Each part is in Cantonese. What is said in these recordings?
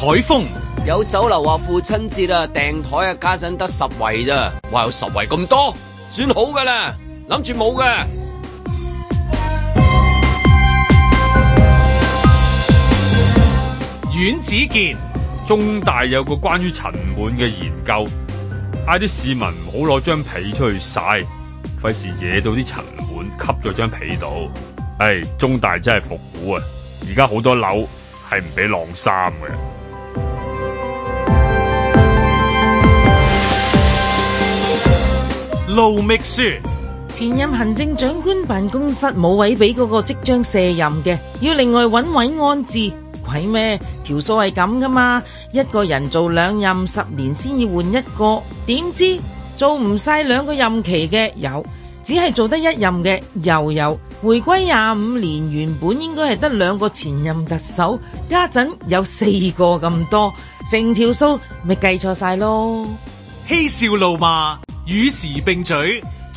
海風有酒樓話父親節啊訂台啊，家陣得十圍咋。哇，有十圍咁多算好噶啦，諗住冇嘅。阮子健中大有個關於塵蟎嘅研究，嗌啲市民唔好攞張被出去晒，費事惹，惹到啲塵蟎吸咗張被度。唉、哎，中大真係復古啊！而家好多樓係唔俾晾衫嘅。盧覓書，前任行政長官辦公室冇位俾嗰個即將卸任嘅，要另外揾位安置，鬼咩？條數係咁噶嘛，一個人做兩任十年先要換一個，點知做唔晒兩個任期嘅有，只係做得一任嘅又有，回歸廿五年原本應該係得兩個前任特首，家陣有四個咁多，成條數咪計錯晒咯，嬉笑怒罵。與時並進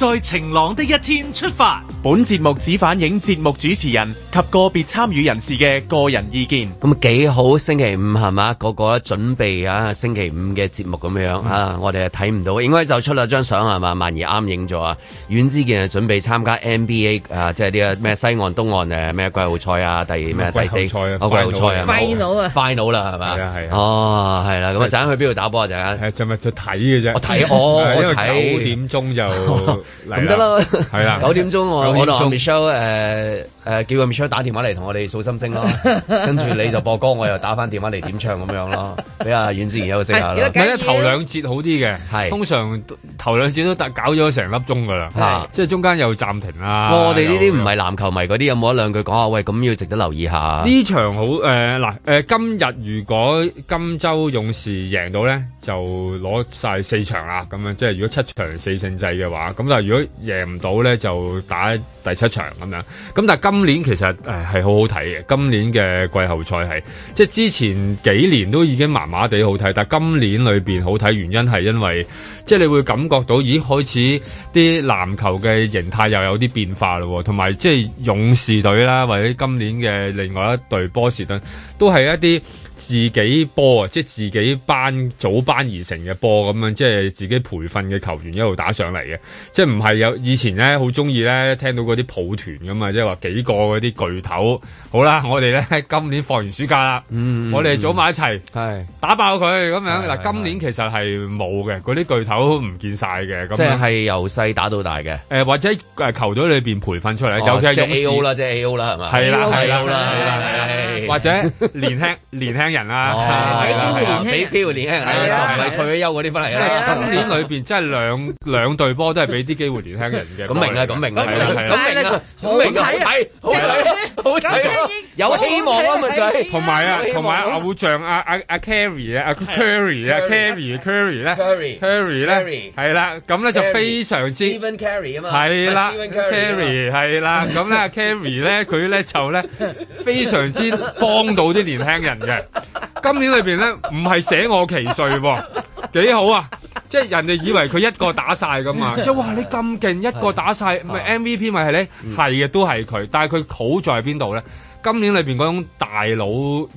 在晴朗的一天出發。本節目只反映節目主持人及個別參與人士嘅個人意見。咁幾好，星期五係嘛？個個準備啊，星期五嘅節目咁樣啊，我哋啊睇唔到，應該就出咗張相係嘛？萬兒啱影咗啊，阮之健啊準備參加 NBA 啊，即係呢個咩西岸東岸誒咩季後賽啊，第二咩第幾個季後賽啊？final 啊！final 啦，係嘛？係係哦，係啦，咁啊，陣間去邊度打波啊？陣間係就咪睇嘅啫。我睇我睇，九點鐘就。咁得啦，係啦，九點鐘我點鐘我同 Michelle、嗯呃誒、呃、叫個 Michelle 打電話嚟同我哋掃心聲咯，跟住你就播歌，我又打翻電話嚟點唱咁樣咯，俾阿婉子怡休息下啦。咪一 頭兩節好啲嘅，係是通常頭兩節都搞咗成粒鐘噶啦，是即係中間又暫停啦、哦。我哋呢啲唔係籃球迷嗰啲有冇一兩句講啊？喂，咁要值得留意一下。呢場好誒嗱、呃呃呃、今日如果金州勇士贏到呢，就攞晒四場啦。咁樣即係如果七場四勝制嘅話，咁但係如果贏唔到呢，就打第七場咁樣。咁但係今年其實誒係好好睇嘅，今年嘅季後賽係即係之前幾年都已經麻麻地好睇，但係今年裏邊好睇原因係因為即係你會感覺到已經開始啲籃球嘅形態又有啲變化啦喎，同埋即係勇士隊啦，或者今年嘅另外一隊波士頓都係一啲。自己波啊，即係自己班組班而成嘅波咁樣，即係自己培訓嘅球員一路打上嚟嘅，即係唔係有以前咧好中意咧聽到嗰啲抱團咁啊，即係話幾個嗰啲巨頭，好啦，我哋咧今年放完暑假啦，我哋組埋一齊，係打爆佢咁樣，嗱，今年其實係冇嘅，嗰啲巨頭唔見晒嘅，即係由細打到大嘅，誒或者誒球隊裏邊培訓出嚟，尤其係 A.O. 啦，即係 A.O. 啦，係嘛？係啦，係啦，係啦，係啦，或者年輕年輕人啦，俾機會年輕人啦，唔係退咗休嗰啲翻嚟啦。今年裏邊真係兩兩隊波都係俾啲機會年輕人嘅。咁明啊，咁明係啦，咁明啊，好明啊，好睇，好睇，好睇，有希望啊嘛，仔。同埋啊，同埋偶像阿阿阿 Carry 啊，阿 Carry 啊，Carry，Carry 咧，Carry 咧，係啦，咁咧就非常之，Even Carry 啊嘛，係啦，Carry 係啦，咁咧 Carry 咧，佢咧就咧非常之幫到啲年輕人嘅。今年裏邊咧唔係捨我其誰喎，幾好啊！即係人哋以為佢一個打晒噶嘛， 即係話你咁勁是一個打晒，咪 MVP 咪係呢？係嘅都係佢，但係佢好在邊度咧？今年裏邊嗰種大佬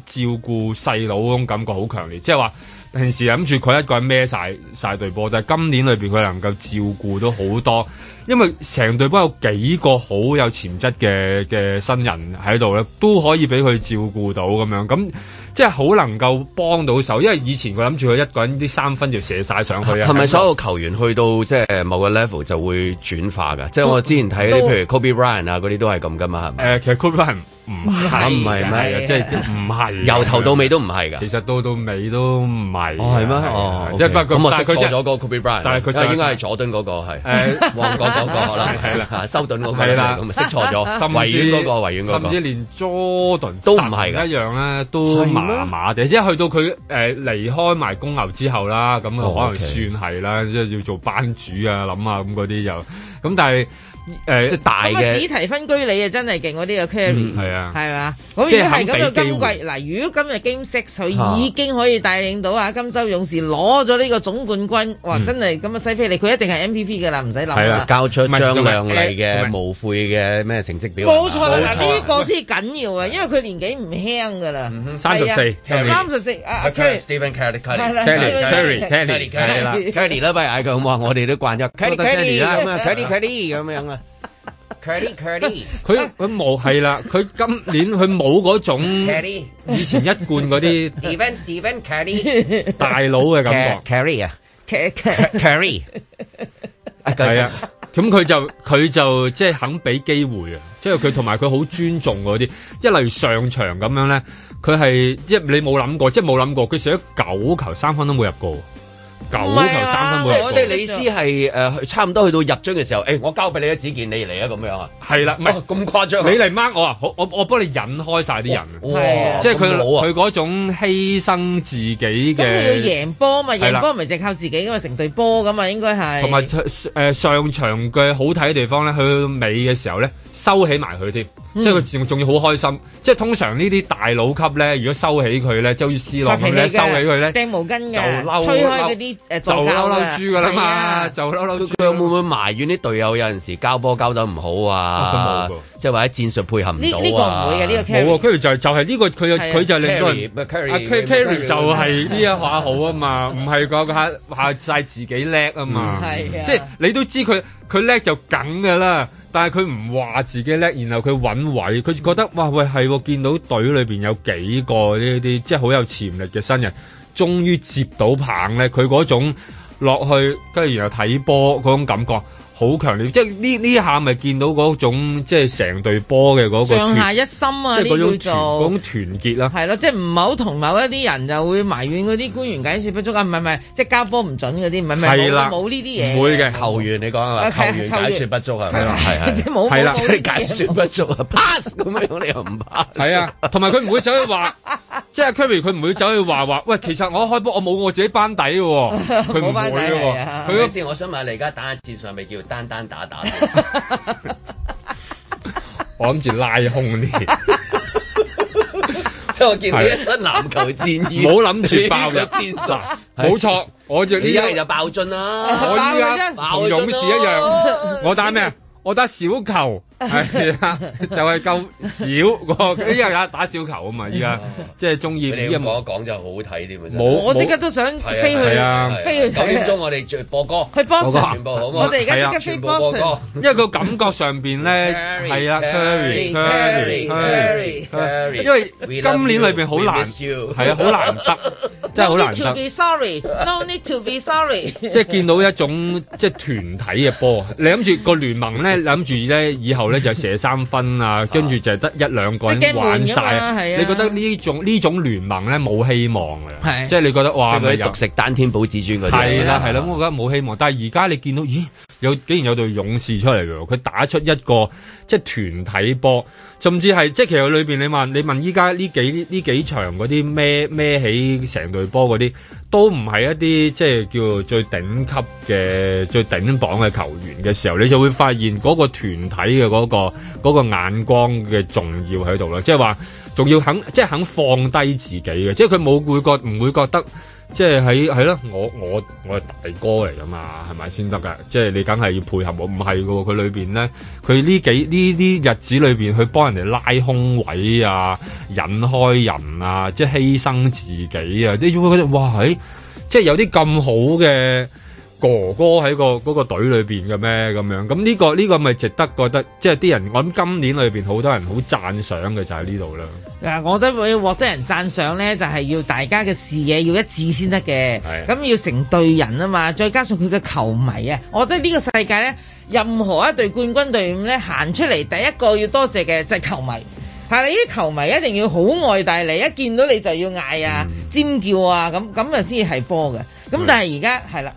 照顧細佬嗰種感覺好強烈，即係話平時諗住佢一個人孭晒晒隊波，但係今年裏邊佢能夠照顧到好多。因為成隊班有幾個好有潛質嘅嘅新人喺度咧，都可以俾佢照顧到咁樣，咁即係好能夠幫到手。因為以前佢諗住佢一個人啲三分就射晒上去啊。係咪所有球員去到即係某個 level 就會轉化㗎？即係我之前睇嗰啲，都譬如 Kobe Bryant 啊，嗰啲都係咁噶嘛，係咪？呃，其實 Kobe Bryant 唔係，唔係，即係唔係，由頭到尾都唔係噶。其實到到尾都唔係。哦，係咩？哦，即係不過佢做咗個 Kobe Bryant，但係佢就應該係佐敦嗰個係，誒，旺角嗰個啦，係啦，修頓嗰個係啦，咁咪識錯咗，維園嗰個，維園嗰個，甚至連 Jordan 都唔係一樣啦，都麻麻地。即係去到佢誒離開埋公牛之後啦，咁可能算係啦，即係要做班主啊諗下咁嗰啲又，咁但係。誒，即係嘅。史提芬居里啊，真係勁嗰啲啊，Carry 係啊，係啊，咁如果係咁嘅今季，嗱，如果今日 Game Six 佢已經可以帶領到啊，金州勇士攞咗呢個總冠軍，哇，真係咁啊，西飛利佢一定係 MVP 噶啦，唔使諗啦。係啦，交出張亮麗嘅無悔嘅咩成績表。冇錯啦，嗱呢個先緊要啊，因為佢年紀唔輕噶啦，三十四，Carry，三十四啊，Carry，Stephen Curry，Curry，Curry，Curry，Curry，Curry 啦 Curry 啦，唔 Curry Curry Curry Curry Curry，Curry，佢佢冇係啦，佢今年佢冇嗰種以前一貫嗰啲 Stephen，Stephen，Curry 大佬嘅感覺。Curry 啊，Curry，係啊，咁佢就佢就即係肯俾機會啊，即係佢同埋佢好尊重嗰啲，一例如上場咁樣咧，佢係一你冇諗過，即係冇諗過佢射咗九球三分都冇入過。九頭三分半、啊，即係李詩係誒，嗯、差唔多去到入樽嘅時候，誒、哎，我交俾你一隻健，你嚟、哦、啊，咁樣啊，係啦，唔係咁誇張，你嚟掹我啊，好，我我幫你引開晒啲人，哦、即係佢佢嗰種犧牲自己嘅，咁要贏波啊嘛，贏波唔係淨係靠自己噶嘛，因為成隊波咁啊，應該係，同埋誒上場嘅好睇嘅地方咧，去尾嘅時候咧。收起埋佢添，即係佢仲仲要好開心。即係通常呢啲大佬級咧，如果收起佢咧，即係好似 C 朗咁咧，收起佢咧，掟毛巾就嬲開嗰啲誒，就嬲嬲豬噶啦嘛，就嬲嬲。佢會唔會埋怨啲隊友有陣時交波交得唔好啊？即係或者戰術配合唔到啊？呢個唔會嘅，冇啊，跟住就就係呢個佢佢就令到人 carry carry 就係呢一下好啊嘛，唔係講下下晒自己叻啊嘛，即係你都知佢佢叻就梗噶啦。但係佢唔話自己叻，然後佢揾位，佢覺得「哇喂係喎，見到隊裏面有幾個呢啲即係好有潛力嘅新人，終於接到棒呢。」佢嗰種落去跟住然後睇波嗰種感覺。好強烈，即係呢呢下咪見到嗰種即係成隊波嘅嗰個上下一心啊！即係嗰種團嗰種團結啦。係咯，即係唔好同某一啲人就會埋怨嗰啲官員解說不足啊？唔係唔係，即係交波唔準嗰啲，唔係唔係冇呢啲嘢。唔會嘅球員，你講球員解說不足係咪即係冇係啦，解說不足啊，pass 咁樣你又唔 pass。係啊，同埋佢唔會走去話，即係 carry 佢唔會走去話話，喂，其實我開波我冇我自己班底喎，佢冇班底喎。佢我想問下你而家打喺線上咪叫？單單打打，打， 我諗住拉空啲，即係我見你一身籃球戰衣，冇諗諗住爆入，冇錯，我就依家就爆樽啦！我依家爆勇士一樣，哦、我打咩？天氣 我打小球。係就係夠少，因為打打小球啊嘛，而家即係中意。你一講就好睇啲，冇。我即刻都想飛去。係啊，飛去九點鐘我哋播歌。去波士頓播好嘛？係啊，全部播歌。因為個感覺上邊咧，係啊 Curry Curry Curry Curry 因為今年裏邊好難，係啊，好難得，真係好難得。No need to be sorry, no need to be sorry。即係見到一種即係團體嘅波，你諗住個聯盟咧，諗住咧以後。咧 就射三分啊，跟住就係得一兩個人玩曬。啊、你覺得種種呢種呢種聯盟咧冇希望嘅，啊、即係你覺得哇，獨食單天保至尊嗰啲。啦、啊，係啦、啊啊，我覺得冇希望。但係而家你見到，咦？有竟然有隊勇士出嚟嘅，佢打出一個即係團體波，甚至係即係其實裏邊你問你問依家呢幾呢幾場嗰啲孭孭起成隊波嗰啲，都唔係一啲即係叫最頂級嘅最頂榜嘅球員嘅時候，你就會發現嗰個團體嘅嗰個嗰個眼光嘅重要喺度啦，即係話仲要肯即係肯放低自己嘅，即係佢冇會覺唔會覺得。即係喺係咯，我我我係大哥嚟㗎嘛，係咪先得㗎？即係你梗係要配合我，唔係㗎喎。佢裏面咧，佢呢幾呢啲日子裏面去幫人哋拉空位啊，引開人啊，即係犧牲自己啊！你會覺得：哇「哇、哎、即係有啲咁好嘅。哥哥喺個、嗰個隊裏邊嘅咩咁樣？咁呢、呢個呢、呢個咪值得覺得，即係啲人我諗今年裏邊好多人好讚賞嘅就係呢度啦。嗱，我覺得要獲得人讚賞呢，就係、係、要大家嘅視野要一致先得嘅。咁的要成隊人啊嘛，再加上佢嘅球迷啊。我覺得呢個世界呢，任何一隊冠軍隊伍呢，行出嚟，第一個要多謝嘅就係球迷。係啊，呢啲球迷一定要好愛大你，一見到你就要嗌啊、嗯、尖叫啊咁咁啊，先係波嘅。咁但係而家係啦。的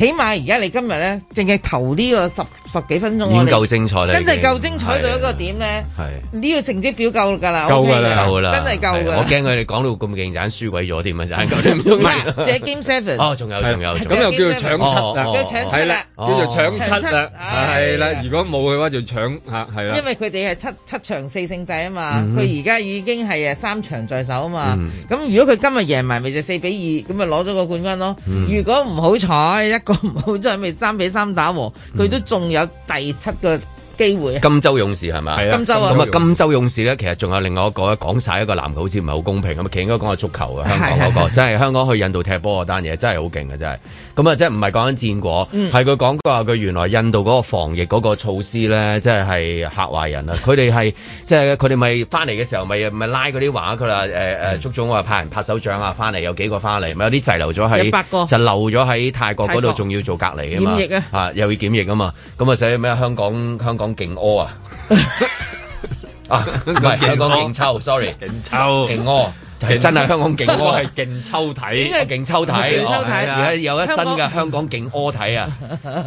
起碼而家你今日咧，淨係投呢個十十幾分鐘，已經夠精彩啦，真係夠精彩到一個點咧。係呢個成績表夠㗎啦，夠啦，夠啦，真係夠㗎。我驚佢哋講到咁勁就啱輸鬼咗添啊！就唔係，這 game seven 哦，仲有仲有，咁又叫做搶七，叫搶七啦，叫做搶七啦，係啦。如果冇嘅話就搶嚇係啦。因為佢哋係七七場四勝制啊嘛，佢而家已經係誒三場在手啊嘛。咁如果佢今日贏埋，咪就四比二咁咪攞咗個冠軍咯。如果唔好彩一。唔好真係咪三比三打和，佢都仲有第七個機會。金州勇士係咪？金州啊！咁週啊，金州勇士咧，嗯，其實仲有另外一個講晒一個籃球，好似唔係好公平咁咪，其實應該講個足球啊，香港嗰，嗰個 真係香港去印度踢波嗰單嘢真係好勁嘅，真係。真咁啊，即係唔係講緊戰果，係佢講佢話佢原來印度嗰個防疫嗰個措施咧，即係嚇壞人啦，佢哋係即係佢哋咪翻嚟嘅時候咪咪拉嗰啲話佢啦，誒誒，總話、嗯、派人拍手掌啊，翻嚟有幾個翻嚟，咪有啲滯留咗喺，個就留咗喺泰國嗰度，仲國要做隔離啊嘛，疫啊，啊又要檢疫啊嘛，咁啊寫咩香港香港勁屙啊，唔係、 啊、香港勁抽萌，sorry，勁抽勁屙。萌真係香港勁屙，係勁抽睇，係勁抽睇，而家有一新嘅香港勁屙睇啊！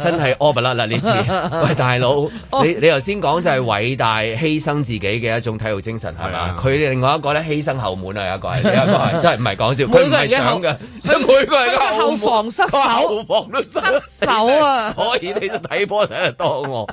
真係屙不甩嗱，你知喂大佬，你你頭先講就係偉大犧牲自己嘅一種體育精神係嘛？佢哋另外一個咧犧牲後門啊，一個係，一個係真係唔係講笑，佢唔係想嘅，即係每個人嘅後防失守，失守啊！可以，你都睇波睇得多我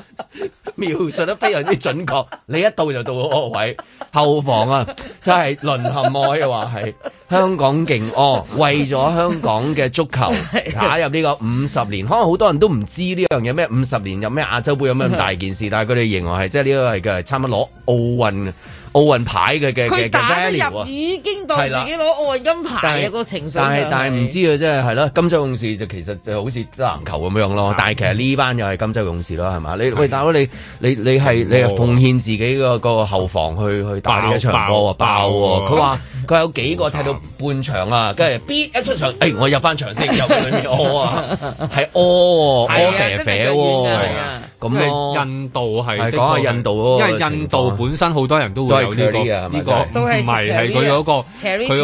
描述得非常之準確，你一到就到嗰個位後防啊，真係淪陷喎！話係香港勁哦，為咗香港嘅足球打入呢個五十年， 可能好多人都唔知呢樣嘢咩五十年有咩亞洲杯有咩咁大件事， 但係佢哋認為係即係呢個係嘅係差唔多攞奧運。奧運牌嘅嘅嘅，第一年已經當自己攞奧運金牌一個情緒。但係唔知啊，真係係咯。金州勇士就其實就好似籃球咁樣咯。但係其實呢班又係金州勇士咯，係嘛？你喂，大佬，你你你係你係奉獻自己個個後防去去打呢場波啊，爆，佢話佢有幾個踢到半場啊，跟住 B 一出場，誒我入翻場先入去裏面屙啊，係屙屙啡啡喎。咁印度係講下印度咯，因為印度本身好多人都會。有呢個呢個，唔係係佢嗰個，佢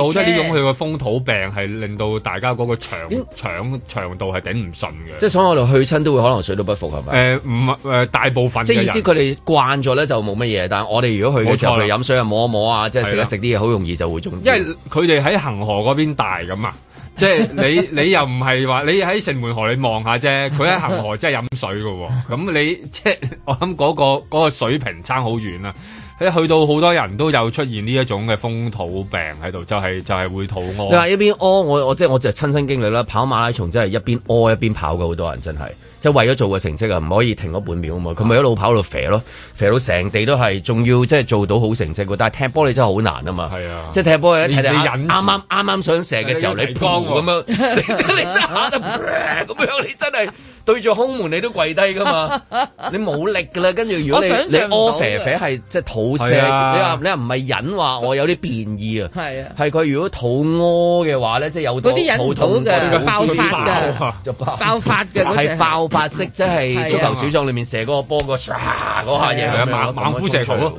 好多呢種佢嘅風土病係令到大家嗰個腸咦腸腸道係頂唔順嘅。即係所以我哋去親都會可能水土不服係咪？誒唔誒大部分即係意思佢哋慣咗咧就冇乜嘢，但係我哋如果去嘅時候飲水啊摸一摸啊，即係食一食啲嘢，好容易就會中。因為佢哋喺恒河嗰邊大咁啊， 即係你你又唔係話你喺城門河你望下啫，佢喺恒河真係飲水嘅喎。咁 你即係我諗嗰、嗰個嗰個水平差好遠啊！一去到好多人都有出現呢一種嘅風土病喺度，就係就係會肚屙。你話一邊屙，我我即係我就親身經歷啦，跑馬拉松真係一邊屙一邊跑嘅，好多人真係。即係為咗做個成績啊，唔可以停嗰半秒啊嘛，佢咪一路跑到肥咯，肥到成地都係，仲要即係做到好成績喎。但係踢波你真係好難啊嘛，即係踢波你睇睇，啱啱啱啱想射嘅時候你僵喎咁樣，你真係真係打咁樣，你真係對住空門你都跪低噶嘛，你冇力㗎啦。跟住如果你想，你屙肥肥係即係肚瀉，你話你話唔係忍話，我有啲便意啊，係佢如果肚屙嘅話咧，即係有啲肚痛爆發嘅，爆。發色即係足球小將裏面射嗰個波個，嗰下嘢係猛猛虎射球咯，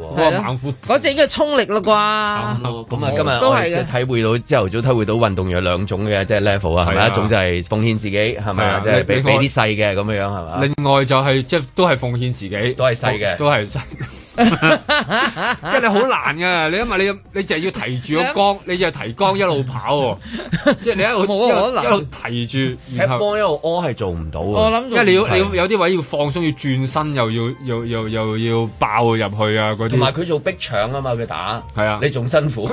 嗰隻應該係衝力啦啩。咁啊,今日都係嘅體會到朝頭早體會到運動有兩種嘅，即係 level 啊，係咪一種就係奉獻自己，係咪啊，即係俾俾啲細嘅咁樣樣，係嘛。另外就係即係都係奉獻自己，都係細嘅，都係細。都真係好難噶，你因為你你就要提住個缸，你就提缸一路跑，即係你一路一路提住踢波一路屙係做唔到。我諗，因為你要你要有啲位要放鬆，要轉身，又要又又又要爆入去啊啲。同埋佢做逼搶啊嘛，佢打係啊，你仲辛苦。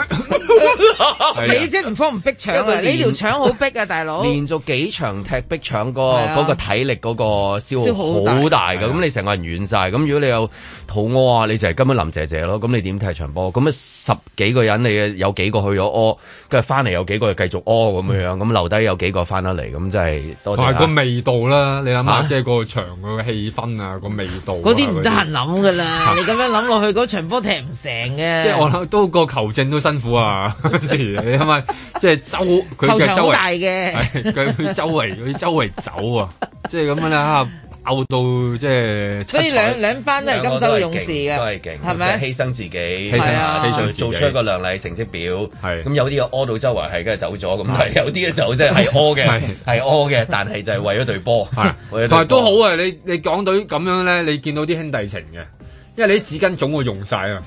你真唔慌，唔逼搶啊！你條搶好逼啊，大佬。連續幾場踢逼搶嗰，嗰個體力嗰個消耗好大噶。咁你成個人軟晒。咁如果你有肚屙啊！你就係今日林姐姐咯，咁你點踢場波？咁啊十幾個人，你有幾個去咗屙，跟住翻嚟有幾個又繼續屙咁樣樣，咁留低有幾個翻得嚟，咁真係。係個味道啦，你諗下，即係、啊、個場個氣氛啊，嗰個味道、啊。嗰啲唔得閒諗噶啦，啊、你咁樣諗落去，嗰場波踢唔成嘅。即係我諗都個球證都辛苦啊！你諗下，即係周佢嘅周大嘅，佢周圍佢 周，周，周圍走啊，即係咁樣啦、啊。拗到即係，所以兩兩班都係金州勇士嘅，都係勁，係咪？犧牲自己，犧牲，犧牲，做出一個亮麗成績表。係咁有啲又屙到周圍係，跟住走咗咁。係有啲就走，真係係屙嘅，係屙嘅。但係就係為咗對波，但係都好啊！你你講到咁樣咧，你見到啲兄弟情嘅，因為你啲紙巾總會用晒啊！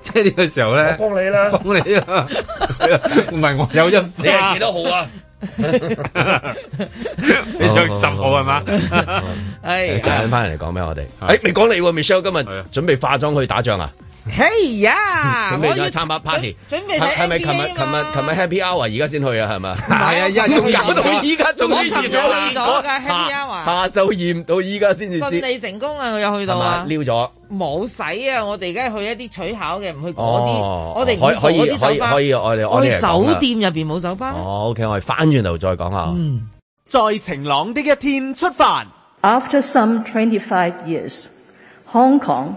即係呢個時候咧，我幫你啦，我幫你啊！唔係我有因，你係幾多號啊？ 你上十號係嘛？來的哎，等翻嚟講俾我哋，哎，未講你 Michelle 今日準備化妝去打仗啊！嘿呀！準備再參加 party，準備係咪琴日、琴日、琴日 Happy Hour 而家先去啊？係咪？係啊！仲搞到依家仲驗咗㗎 Happy Hour 下晝驗到依家先至。順利成功啊！我又去到啊！撩咗冇使啊！我哋而家去一啲取巧嘅，唔去嗰啲。我哋可以可以可以可以，我哋我哋酒店入邊冇酒吧。哦，OK，我哋翻轉頭再講下。嗯，在晴朗的一天出發。After some twenty five years, Hong Kong.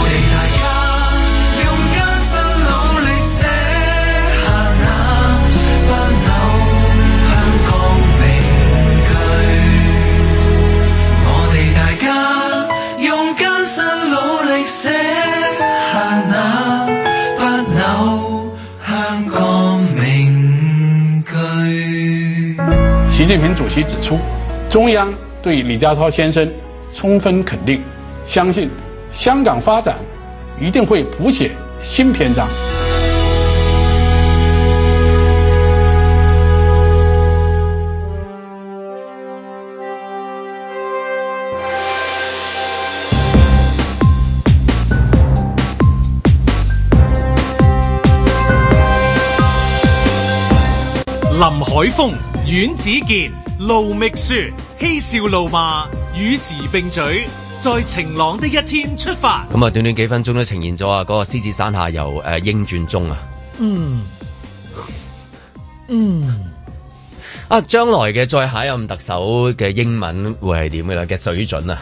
習近平主席指出，中央對李家超先生充分肯定，相信香港發展一定會譜寫新篇章。林海峰。阮子健盧覓雪，嬉笑怒罵與時並嘴，在晴朗的一天出發。咁啊，短短幾分鐘都呈現咗啊，嗰個獅子山下由誒、呃、英轉中啊，嗯嗯，嗯啊，將來嘅再下一任特首嘅英文會係點嘅咧？嘅水準啊！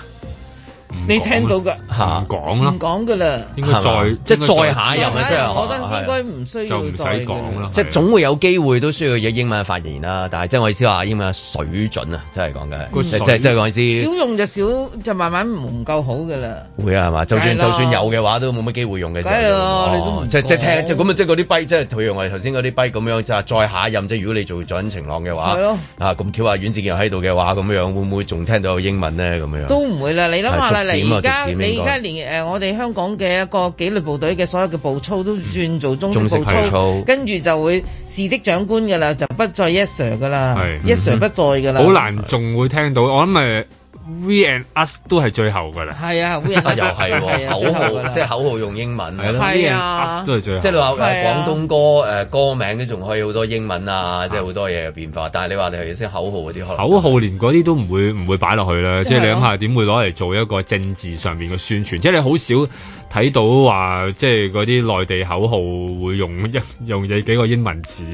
你聽到噶嚇，唔講啦，唔講噶啦，應該再即係再下一任即係我覺得應該唔需要再講啦，即係總會有機會都需要有英文發言啦。但係即係我意思話英文水準啊，真係講緊，即係即係我意思，少用就少，就慢慢唔夠好噶啦，會啊，係嘛？就算就算有嘅話，都冇乜機會用嘅。梗係啦，即係即係聽，即係咁即係嗰啲碑，即係譬如我哋頭先嗰啲碑咁樣，即再下一任啫。如果你做準晴朗嘅話，咁翹下阮字鏡喺度嘅話，咁樣會唔會仲聽到英文咧？咁樣都唔會啦，你諗下而家你而家連、呃、我哋香港嘅一個紀律部隊嘅所有嘅步操都轉做中式步操，跟住就會是的長官嘅啦，就不再 yes sir 嘅啦是，yes sir 不再嘅啦，好、mm hmm. 難仲會聽到，我諗咪。We and us 都係最後噶啦，係啊，and us, 又係、啊啊、口號 即係口號用英文，係啊，and us 都係最即係你話廣廣東歌、呃、歌名都仲可以好多英文啊，即係好多嘢嘅變化，但係你話你識啲口號嗰啲可能口號連嗰啲都唔會唔會擺落去啦、啊、即係你諗下點會攞嚟做一個政治上面嘅宣傳，即係你好少。睇到話即係嗰啲內地口號會用一用嘅幾個英文字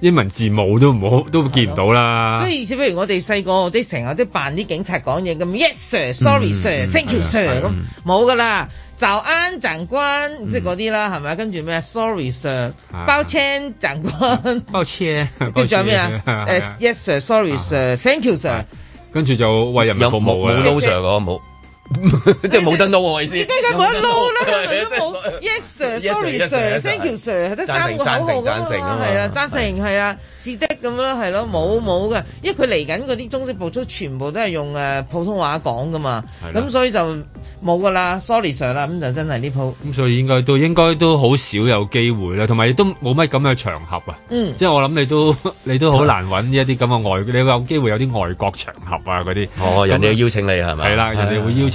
英文字母都唔好都見唔到啦。即係意思，不如我哋細個啲成日都扮啲警察講嘢咁，yes sir，sorry sir，thank you sir 咁冇噶啦，就啱站軍即係嗰啲啦，係咪跟住咩啊？sorry sir，包青，站軍，包車跟住仲有咩啊？yes sir，sorry sir，thank you sir，跟住就為人民服務冇啦冇。即係冇得撈我意思，點解冇得撈咧？都冇 yes sir，sorry sir，thank you sir，得三個口號，係啊。贊成係啊，是的咁啦，係咯，冇冇嘅，因為佢嚟緊嗰啲中式步操，全部都係用誒普通話講噶嘛，咁所以就冇噶啦，sorry sir 啦，咁就真係呢鋪，咁所以應該都應該都好少有機會啦，同埋亦都冇乜咁嘅場合啊，即係我諗你都你都好難揾一啲咁嘅外，你有冇機會有啲外國場合啊？嗰啲哦，人哋邀請你係咪？係啦，人哋會邀。或者有啲外國，或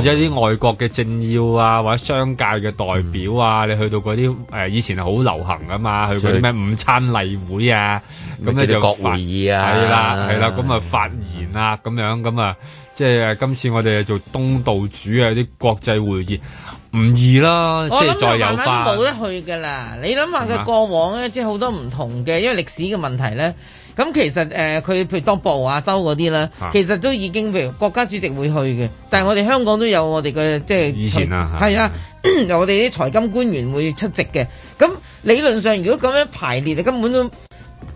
者啲外國嘅政要啊，或者商界嘅代表啊，你去到嗰啲誒，以前係好流行啊嘛，去嗰啲咩午餐例會啊，咁咧就國會議啊，係啦係啦，咁啊發言啊咁樣。咁啊即係今次我哋做東道主啊啲國際會議，唔易啦，即係再有冇得去㗎啦？你諗下佢過往咧，即係好多唔同嘅，因為歷史嘅問題咧。咁其實誒，佢、呃、譬如當博鰲亞洲嗰啲啦，啊、其實都已經譬如國家主席會去嘅，但係我哋香港都有我哋嘅即係，係、以前、啊，全啊 我哋啲財金官員會出席嘅。咁理論上如果咁樣排列，根本都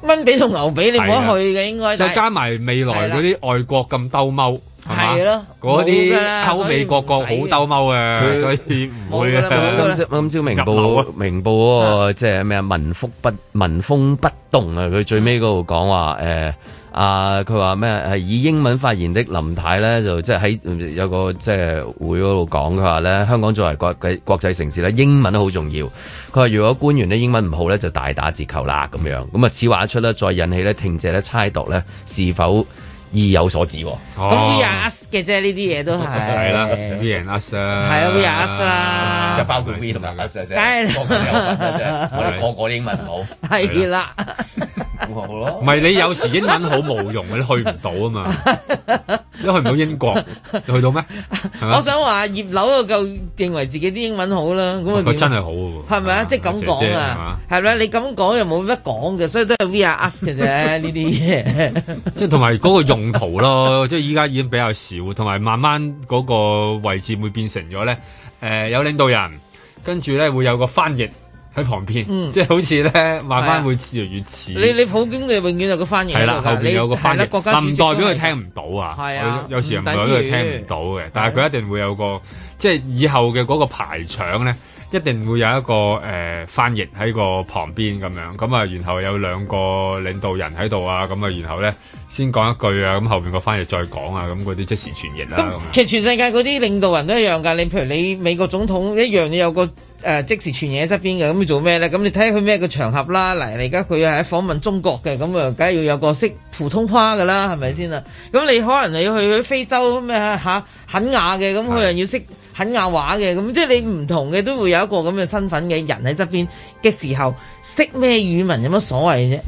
蚊髀同牛髀，你冇得去嘅、啊、應該。再加埋未來嗰啲外國咁兜踎。係咯，嗰啲歐美各國好鬥毆啊。所以唔會嘅。今朝明報明報嗰個即係咩啊？文風不，文風不動、欸、啊！佢最尾嗰度講話誒啊！佢話咩？係以英文發言的林太咧，就即係喺有個即係、就是、會嗰度講佢話咧，香港作為國際國際城市咧，英文都好重要。佢話如果官員呢英文唔好咧，就大打折扣啦咁樣。咁啊，此話一出咧，再引起咧聽者咧猜度咧是否？意有所指喎，咁 we us 嘅啫，呢啲嘢都係，係啦，we and us，係啊，we us 啦，就包括 We 同埋 us 啫，梗係我哋個個啲英文唔好，係啦。咯，唔係 你有時英文好冇用，你去唔到啊嘛，你去唔到英國，你去到咩？我想話葉劉夠認為自己啲英文好啦，咁真係好喎，係咪啊？吧吧即係咁講啊，係咪？你咁講又冇乜講嘅，所以都係 we are us 嘅啫，呢啲嘢，即係同埋嗰個用途咯， 即係依家已經比較少，同埋慢慢嗰個位置會變成咗咧，誒、呃、有領導人跟住咧會有個翻譯。喺旁邊，嗯、即係好似咧慢慢會越嚟越似。啊、你你普京嘅永遠有個翻譯，係啦、啊，後邊有個翻譯，唔、啊、代表佢聽唔到啊。係啊，有時唔代表佢聽唔到嘅，但係佢一定會有個，係啊、即係以後嘅嗰個排場咧。一定會有一個誒、呃、翻譯喺個旁邊咁樣，咁啊，然後有兩個領導人喺度啊，咁啊，然後咧先講一句啊，咁後邊個翻譯再講啊，咁嗰啲即時傳譯啦。那樣其實全世界嗰啲領導人都一樣㗎，你譬如你美國總統一樣，你有個誒、呃、即時傳譯喺側邊㗎，咁你做咩咧？咁你睇下佢咩個場合啦。嗱，你而家佢係喺訪問中國嘅，咁啊，梗係要有個識普通話㗎啦，係咪先啊？咁、嗯、你可能你要去去非洲咩嚇肯亞嘅，咁佢又要識。肯雅話嘅，咁即係你唔同嘅都會有一個咁嘅身份嘅人喺側邊嘅時候，識咩語文有乜所謂啫？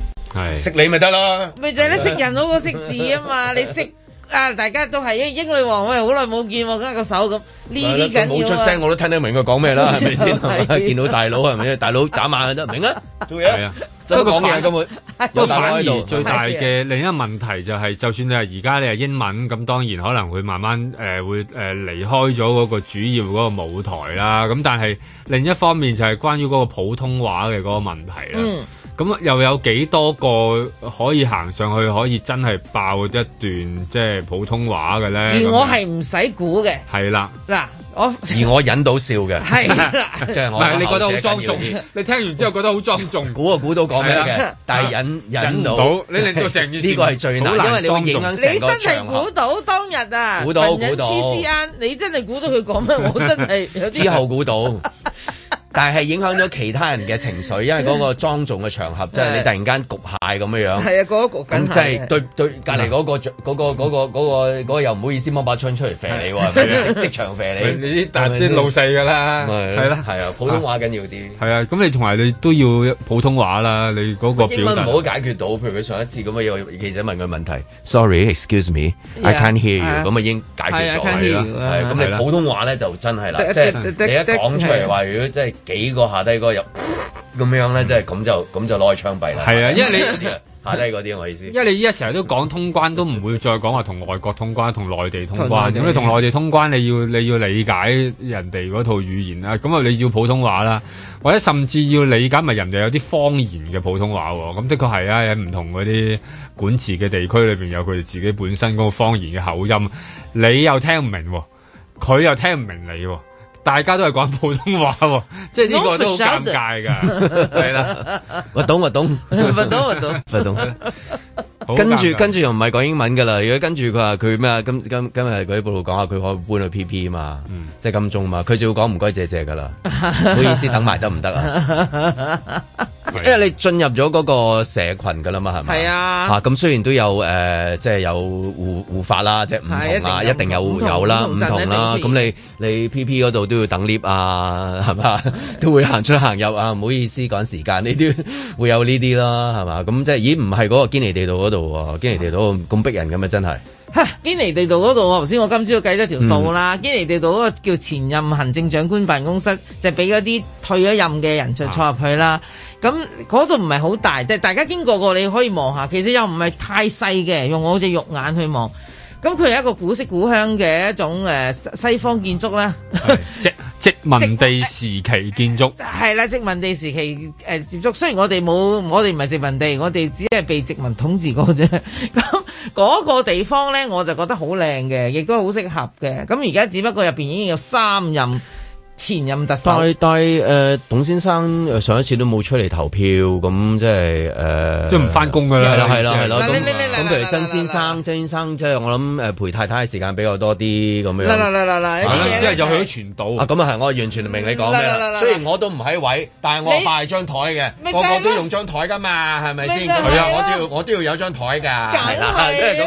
是識你咪得啦，咪就係咧識人好過識字啊嘛！ 你識。啊！大家都係英英女王，喂，好耐冇見，我住個手咁呢啲嘅，冇、啊、出聲，我都聽得明佢講咩啦，係咪先？ 是啊、見到大佬係咪？ 大佬眨眼都唔明啊，做嘢係啊。不過咁會， 反而最大嘅另一個問題就係、是，是嗎就算現在你係而家你係英文，咁當然可能會慢慢誒、呃、會誒離開咗嗰個主要嗰個舞台啦。咁但係另一方面就係關於嗰個普通話嘅嗰個問題啦。嗯咁又有幾多個可以行上去可以真係爆一段即係普通話嘅咧？而我係唔使估嘅，係啦。嗱，我而我引到笑嘅，係啦。即係我，你覺得好莊重？你聽完之後覺得好莊重？估啊估到講咩嘅？但係引引到，你令到成段呢個係最難，因為你會影響成個場。你真係估到當日啊？估到估到。你真係估到佢講咩？我真係。之後估到。但係影響咗其他人嘅情緒，因為嗰個莊重嘅場合，即係你突然間焗蟹咁樣樣。係啊，嗰咁即係對對隔離嗰個嗰個嗰又唔好意思掹把槍出嚟射你喎，即場射你。但係你老細㗎啦，係啦，係啊，普通話緊要啲。係啊，咁你同埋你都要普通話啦，你嗰個表達。英文冇解決到，譬如佢上一次咁嘅嘢，記者問佢問題，sorry，excuse me，I can't hear you。咁啊已經解決咗。係啊，咁你普通話咧就真係啦，即係你一講出嚟話，如果即係。幾個下低嗰入咁樣咧，即係咁就咁就攞去槍斃啦。係啊，因為你 下低嗰啲我意思。 因為你依家成日都講通關，都唔會再講話同外國通關、同內地通關。咁你同內地通關，你要你要理解人哋嗰套語言啦。咁啊，你要普通話啦，或者甚至要理解埋人哋有啲方言嘅普通話喎。咁的確係啊，喺唔同嗰啲管治嘅地區裏面，有佢哋自己本身嗰個方言嘅口音，你又聽唔明喎，佢又聽唔明你喎。大家都係講普通話喎。哦，即係呢個都好尷尬噶，係啦。我懂我懂，我懂我懂，我懂。跟住跟住又唔係講英文噶啦，如果跟住佢話佢咩，今今今日啲報道講話佢可以搬去 P P 啊嘛，嗯、即係咁重嘛，佢就要講唔該謝謝噶啦，唔 好意思等埋得唔得啊？ 因為你進入咗嗰個社群噶啦嘛，係咪？係啊，咁、啊、雖然都有誒、呃，即係有護護法啦，即係唔同啊，一定有一定有，有啦，唔同，同、啊、同啦。咁你你 PP 嗰度都要等 lift 啊，係嘛？是的 都會行出行入啊，唔好意思趕時間，你都會有呢啲啦，係嘛？咁即係咦，唔係嗰個堅尼地道嗰度喎，堅尼地道咁逼人咁啊，真係。的哈，堅尼地道嗰度，我頭先我今朝都計咗條數啦。嗯、堅尼地道嗰個叫前任行政長官辦公室，就俾嗰啲退咗任嘅人就坐入去啦。咁嗰度唔係好大，但大家經過過，你可以望下。其實又唔係太細嘅，用我隻肉眼去望。咁佢係一個古色古香嘅一種西方建築啦。殖殖、嗯、 民地時期建築係啦，殖民地時期誒建築。雖然我哋冇，我哋唔係殖民地，我哋只係被殖民統治過啫。咁嗰個地方呢，我就覺得好靚嘅，亦都好適合嘅。咁而家只不過入面已經有三任。前任特首，但但董先生上一次都冇出嚟投票，咁即係誒，即係唔翻工㗎啦，係啦係啦係啦。咁譬如曾先生，曾先生即係我諗陪太太嘅時間比較多啲咁樣。嗱嗱嗱係啦，一全島。咁係，我完全明你講咩。雖然我都唔喺位，但係我霸張台嘅，個個都用張台㗎嘛，係咪先？係啊，我都要我都要有張台㗎。係咁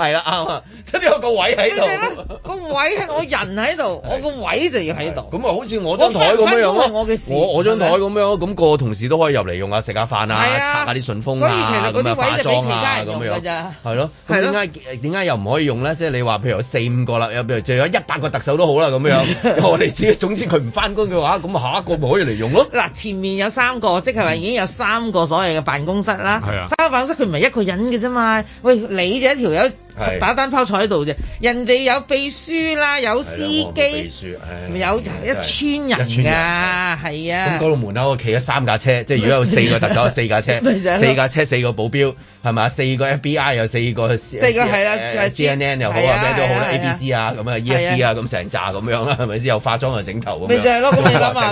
係啦啱啊，即係有個位喺度。個位係我人喺度，我個位就要喺度。咁啊，好似我張台咁樣咯，我嘅事。我我張台咁樣，咁個同事都可以入嚟用下，食下飯啊，拆下啲信封啊，所以其實嗰啲可以俾其他人用噶啫。係咯，點解點解又唔可以用咧？即係你話譬如有四五個啦，又譬如仲有一百個特首都好啦，咁樣我哋知自己。總之佢唔翻工嘅話，咁下一個咪可以嚟用咯。嗱，前面有三個，即係話已經有三個所謂嘅辦公室啦。係啊，三個辦公室佢唔係一個人嘅啫嘛。喂，你一條友。打單拋坐喺度啫，人哋有秘書啦，有司機，有一村人，一村人係啊。咁嗰度門口企咗三架車，即係如果有四個特首，四架車，四架車，四個保鏢，係嘛？四個 FBI 有四個，四個係啦，C N N 又好啊，咩都好啦，A B C 啊，咁啊，E F D 啊，咁成扎咁樣啦，係咪先？有化妝又整頭，咪就係咯，成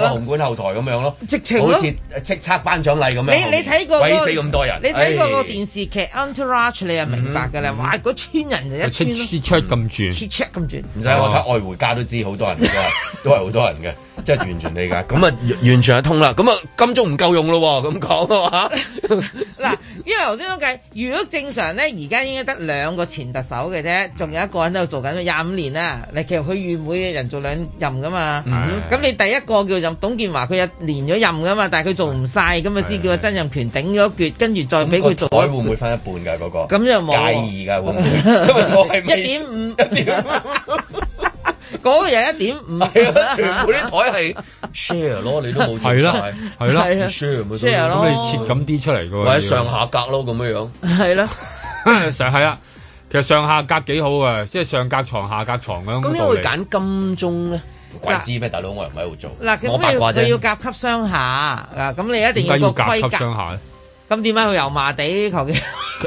個紅館後台咁樣咯，直情好似叱咤頒獎禮咁樣，鬼死咁多人。你睇過個電視劇《Unto Rush》你啊明白㗎啦。圈人就一圈咯、啊，切切咁轉，唔使我睇外回家都知，好多人都係 都係好多人嘅。 即係完全理解，咁啊 完全係通啦，咁啊金鐘唔夠用咯，咁講啊嗱， 因為頭先都計，如果正常咧，而家應該得兩個前特首嘅啫，仲有一個人喺度做緊廿五年啊。你其實佢預每嘅人做兩任噶嘛，咁你第一個叫任董建華，佢又連咗任噶嘛，但係佢做唔晒，咁啊先叫個曾蔭權頂咗一橛，跟住再俾佢、嗯、做。個會唔會分一半㗎、啊？嗰、那個咁又冇介意㗎，會會 因為我係一點五。1. 5笑 嗰個又一點唔係咯，全部啲台係 share 咯，你都冇做曬，係啊 share 咪都咁你切咁啲出嚟嘅，或者上下格咯，咁樣樣係啦，上係啦，其實上下格幾好啊，即係上格床、下格床咁樣。咁都會揀金鐘咧？鬼知咩大佬，我又唔喺度做。嗱，我咁你要要隔級雙下啊，咁你一定要個規格。咁點解佢油麻地求其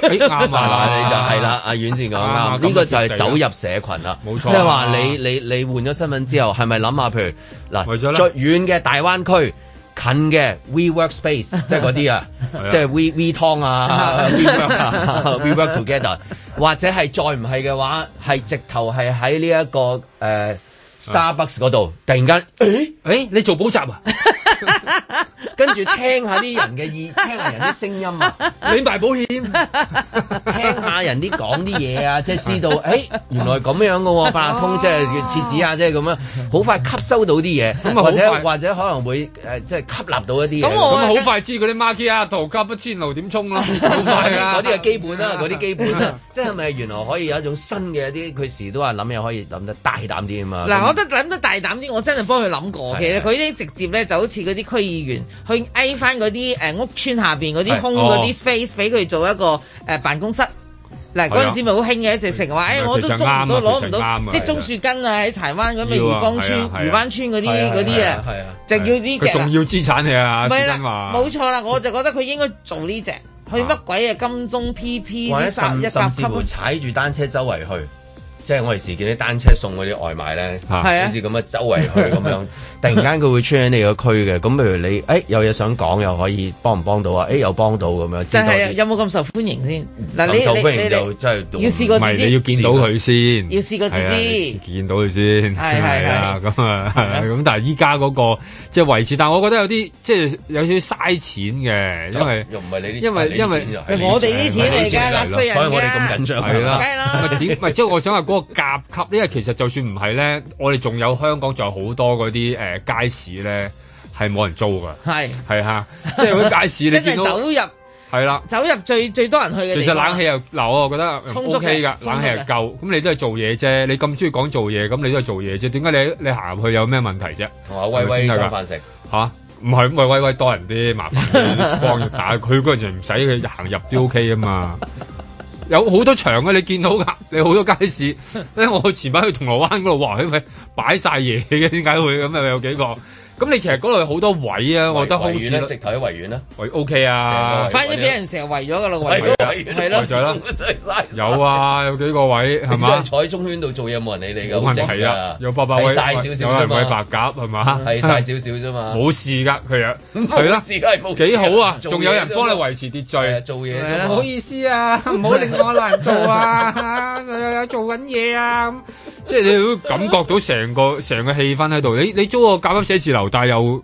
啱埋你就係啦，阿遠先講啱，呢個就係走入社群啦。冇錯，即係話你你你換咗身份之後，係咪諗下？譬如嗱，再遠嘅大灣區，近嘅 WeWork Space，即係嗰啲啊，即係 We We 湯啊，WeWork Together，或者係再唔係嘅話，係直頭係喺呢一個誒 Starbucks 嗰度，突然間誒誒，你做補習啊？跟住聽下啲人嘅意，聽下人啲聲音啊，你賣保險，聽下人啲講啲嘢啊，即係知道，誒，原來咁樣嘅喎，八達通即係設置啊，即係咁樣，好快吸收到啲嘢，或者或者可能會誒，即係吸納到一啲嘢，咁啊好快知嗰啲瑪琪朵、卡布奇諾點沖咯，好快啊！嗰啲係基本啦，嗰啲基本啊，即係咪原來可以有一種新嘅一啲，佢時都話諗嘢可以諗得大膽啲啊嘛。嗱，我覺得諗得大膽啲，我真係幫佢諗過嘅，其實佢啲直接咧就好似嗰啲區議員。去 A 翻嗰啲誒屋村下邊嗰啲空嗰啲 space 俾佢做一個誒辦公室。嗱嗰陣時咪好興嘅，一直成話誒我都捉唔到，攞唔到，即係鍾樹根啊喺柴灣咁嘅漁江村、漁灣村嗰啲嗰啲啊，就要呢隻。重要資產嚟啊！唔係啦，冇錯啦，我就覺得佢應該做呢隻。去乜鬼啊？金鐘 PP 一級級踩住單車周圍去，即係我哋時見啲單車送嗰啲外賣咧，好似咁啊周圍去咁樣。突然間佢會出現你個區嘅，咁譬如你，誒有嘢想講又可以幫唔幫到啊？誒又幫到咁樣，係有冇咁受歡迎先？嗱，你受歡迎就真係，要試過自己，唔係你要見到佢先，要試過自己，見到佢先，係係啊，咁啊，咁但係依家嗰個即係維持，但係我覺得有啲即係有少少嘥錢嘅，因為又唔係你，因為因為我哋啲錢嚟嘅，所以我哋咁緊張係啦，即係我想話嗰個夾級，因為其實就算唔係咧，我哋仲有香港仲有好多嗰啲誒，街市咧，係冇人租噶，係係吓，即係嗰街市你見到走入係啦，走入最最多人去嘅其實冷氣又夠啊，我覺得充足，OK 噶，冷氣又夠，咁你都係做嘢啫，你咁中意講做嘢，咁你都係做嘢啫，點解你你行入去有咩問題啫？同阿威威爭份成吓，唔係唔係威威多人啲麻煩，幫佢打，佢嗰陣時唔使佢行入都 OK 啊嘛。有好多場嘅，你見到噶，你好多街市。為 我前排去銅鑼灣嗰度，哇，因為擺晒嘢嘅，點解會咁咪有幾個？咁你其實嗰度有好多位啊，我覺得好遠咧，直頭喺維園啦。維 OK 啊，反正俾人成日圍咗噶啦，位。圍咗，圍咗啦，有啊，有幾個位係嘛？你坐喺中圈度做嘢，冇人理你噶，好正啊！有八百位，有係少白鴿係嘛？係曬少少啫嘛，冇事噶，佢啊，冇事都係冇。幾好啊！仲有人幫你維持秩序，做嘢，唔好意思啊，唔好令我難做啊！我做緊嘢啊，即係你都感覺到成個成個氣氛喺度。你租個隔音寫字樓。但係又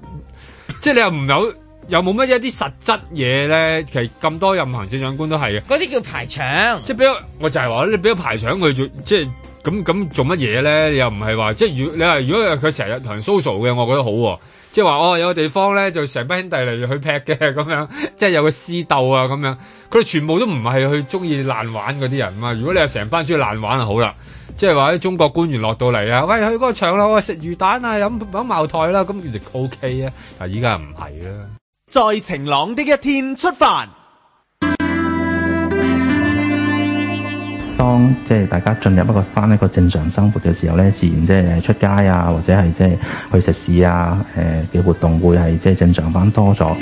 即係你又唔有又冇乜一啲實質嘢咧？其實咁多任行政長官都係嘅，嗰啲叫排場。即係比如我，我就係話你俾咗排場佢做，即係咁咁做乜嘢咧？你又唔係話即係如你話如果佢成日同人 social 嘅，我覺得好啊。即係話哦，有個地方咧，就成班兄弟嚟去劈嘅咁樣，即係有個私鬥啊咁樣。佢哋全部都唔係去中意爛玩嗰啲人嘛。如果你係成班中意爛玩就好啦。即係話啲中國官員落到嚟啊！喂、哎，去嗰個長隆，食魚蛋啊，飲飲茅台啦，咁其實 OK 啊。但係依家唔係啦。在晴朗的一天出發。當即係大家進入一個翻一個正常生活嘅時候咧，自然即係出街啊，或者係即係去食肆啊，誒、呃、嘅活動會係即係正常翻多咗。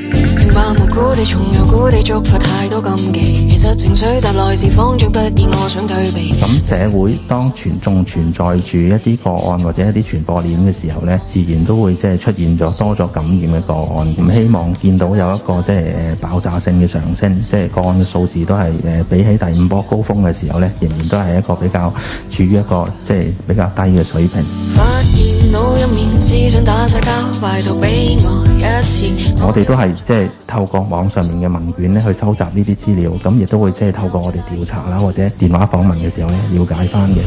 咁社會當中存在住一啲個案或者一啲傳播鏈嘅時候咧，自然都會即係出現咗多咗感染嘅個案。唔希望見到有一個即、就、係、是、爆炸性嘅上升，即、就、係、是、個案嘅數字都係、呃、比起第五波高峰嘅時候咧。仍然都係一個比較處於一個即係比較低嘅水平。我哋都係即係透過網上面嘅問卷呢，去收集呢啲資料，咁亦都會即係透過我哋調查啦，或者電話訪問嘅時候呢，了解翻嘅。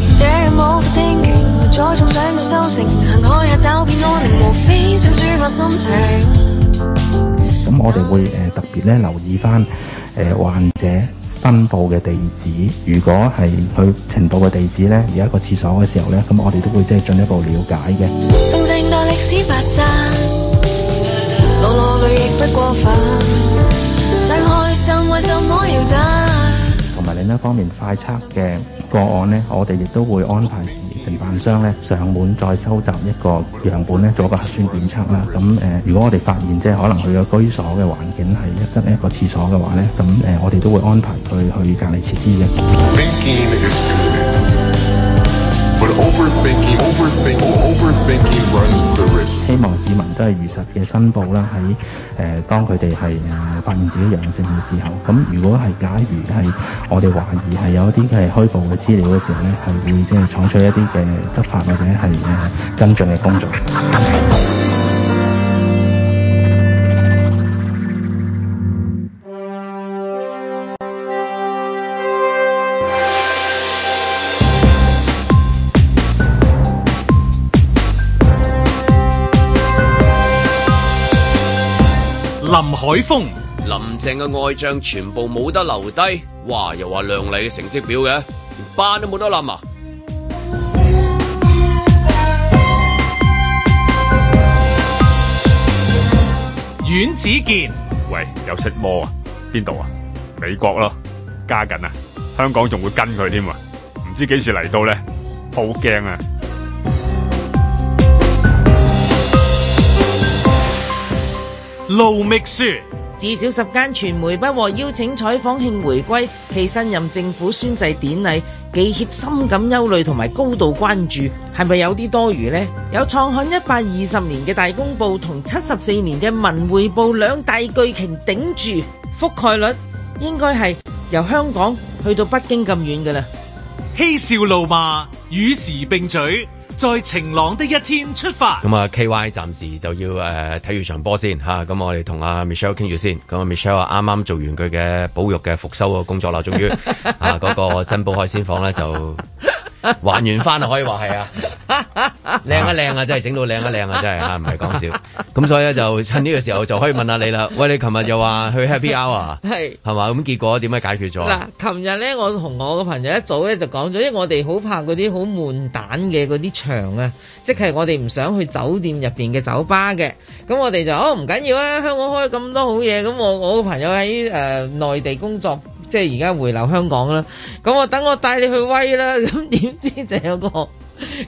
咁我哋會誒特別咧留意翻誒患者申報嘅地址。如果係佢呈報嘅地址咧有一個廁所嘅時候咧，咁我哋都會即係進一步瞭解嘅。同埋另外一方面，快測嘅個案呢，我哋亦都會安排承辦商呢，上門再收集一個樣本呢，做一個核酸檢測啦。咁誒、呃，如果我哋發現即係、呃、可能佢嘅居所嘅環境係一得一個廁所嘅話呢，咁誒、呃，我哋都會安排佢去隔離設施嘅。希望市民都係如實嘅申報啦，喺誒，當佢哋係發現自己陽性嘅時候，咁如果係假如係我哋懷疑係有一啲嘅虛報嘅資料嘅時候咧，係會即係採取一啲嘅執法或者係跟進嘅工作。海風林鄭嘅愛將全部冇得留低，哇！又話亮麗嘅成績表嘅，連班都冇得冧啊！阮子健，喂，有色魔啊，邊度啊？美國咯，加緊啊，香港仲會跟佢添啊，唔知幾時嚟到咧，好驚啊！盧覓雪，至少十間傳媒不獲邀請採訪慶回歸，其新任政府宣誓典禮，記協深感憂慮同埋高度關注，係咪有啲多餘呢？有創刊一百二十年嘅《大公報》同七十四年嘅《文匯報》兩大巨擘頂住，覆蓋率應該係由香港去到北京咁遠㗎喇，嬉笑怒罵與時並舉。在晴朗的一天出發。咁啊，K Y 暫時就要誒睇住場波先嚇。咁我哋同阿 Michelle 傾住先。咁啊，Michelle 啱啱做完佢嘅保育嘅復修嘅工作啦，終於 啊，嗰、嗰個珍寶海鮮舫咧就。還原翻 啊，可以話係啊，靚啊靚啊，真係整到靚啊靚啊，真係吓，唔係講笑。咁 所以咧就趁呢個時候就可以問下你啦。 喂，你琴日又話去 Happy Hour 啊？ 係係嘛，咁結果點樣解決咗？嗱，琴日咧我同我個朋友一早咧就講咗，因為我哋好怕嗰啲好悶蛋嘅嗰啲場啊，即係我哋唔想去酒店入邊嘅酒吧嘅。咁我哋就哦唔緊要啊，香港開咁多好嘢，咁我我個朋友喺誒內地工作。即係而家回流香港啦，咁我等我帶你去威啦，咁點知就有個嗰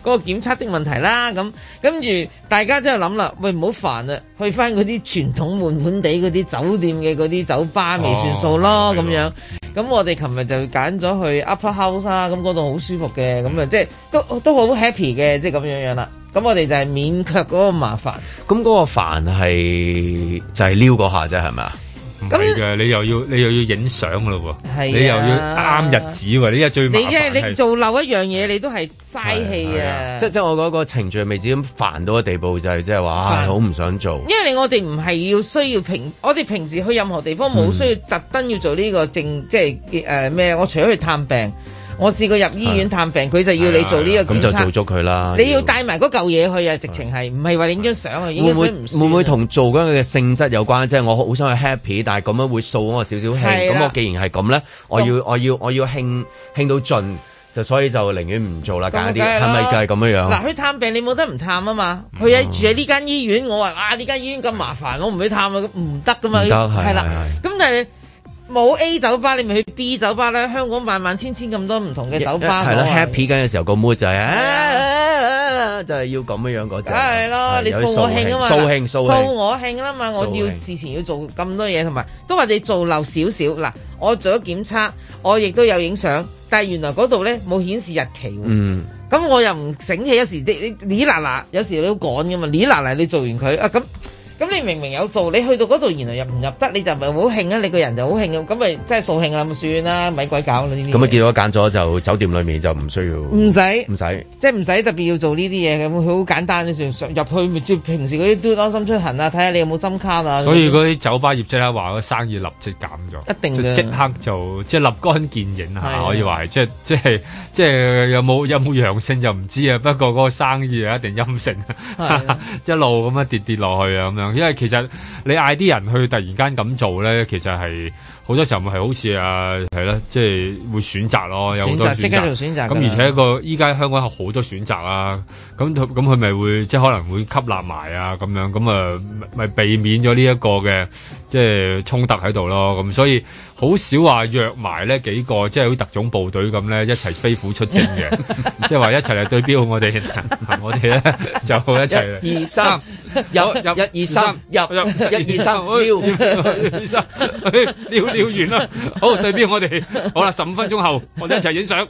個檢測的問題啦，咁跟住大家真係諗啦，喂唔好煩啦，去翻嗰啲傳統悶悶地嗰啲酒店嘅嗰啲酒吧未算數咯，咁、哦、樣，咁我哋琴日就揀咗去 Upper House 啦。咁嗰度好舒服嘅，咁啊即係都都好 happy 嘅，即係咁樣樣啦，咁我哋就係免卻嗰個麻煩，咁嗰個煩係就係撩嗰下啫，係咪啊？唔係嘅，你又要、啊、你又要影相噶咯喎，你又要啱日子喎，呢個最麻煩你嘅你做漏一樣嘢，你都係嘥氣啊！啊啊即即我嗰個程序未至於咁煩到嘅地步，就係即係話好唔想做。因為我哋唔係要需要平，我哋平時去任何地方冇、嗯、需要特登要做呢、呢個正即係誒咩？我除咗去探病。我試過入醫院探病，佢就要你做呢個檢查，咁就做咗佢啦。你要帶埋嗰嚿嘢去啊，直情係唔係話影張相啊？去張院？唔會唔會同做緊佢嘅性質有關？即係我好想去 happy，但係咁樣會掃我少少氣，咁我既然係咁咧，我要我要我要輕輕到盡，就所以就寧願唔做啦，揀啲係咪就係咁樣樣？嗱，去探病你冇得唔探啊嘛？佢喺住喺呢間醫院，我話啊呢間醫院咁麻煩，我唔會探啊，唔得噶嘛，係啦，咁但冇 A 酒吧，你咪去 B 酒吧啦。香港萬萬千千咁多唔同嘅酒吧。係啦，happy 緊嘅時候個妹仔，啊就係，就係要咁樣嗰陣。係咯，你掃我慶啊嘛，掃興掃興掃我慶啦嘛，我要事前要做咁多嘢，同埋都話你做漏少少。嗱，我做咗檢測，我亦都有影相，但係原來嗰度咧冇顯示日期。嗯。咁我又唔醒起，有時你你瀨瀨，有時你要趕噶嘛，瀨瀨你做完佢啊咁。咁你明明有做，你去到嗰度然後入唔入得，你就唔係好興啊！你個人就好興啊！咁咪即係掃興啦，咪算啦，咪鬼搞啦呢啲。咁啊，結果揀咗就酒店裏面就唔需要，唔使，唔使，即係唔使特別要做呢啲嘢，咁佢好簡單嘅算。入去咪即平時嗰啲都安心出行啊，睇下你有冇針卡啊。所以嗰啲酒吧業者咧話，個生意立即減咗，一定嘅即刻就即係立竿見影啊！可以話係即係即係即係有冇有冇陽性就唔知啊。不過嗰個生意就一定陰性，一路咁樣跌跌落去啊咁樣。因為其實你嗌啲人去突然間咁做咧，其實係好多時候咪係好似啊，係啦、啊，即係會選擇咯，有好多選擇。咁而且一個依家，香港有好多選擇啊，咁咁佢咪會即係可能會吸納埋啊，咁樣咁啊咪避免咗呢一個嘅。即係衝突喺度咯，咁所以好少話約埋呢幾個，即係好似特種部隊咁咧一齊飛虎出征嘅，即係話一齊嚟對標我哋，我哋咧就一齊二三有，入一二三入入一二三瞄一二三撩完啦，好對標我哋，好啦十五分鐘後我哋一齊影相，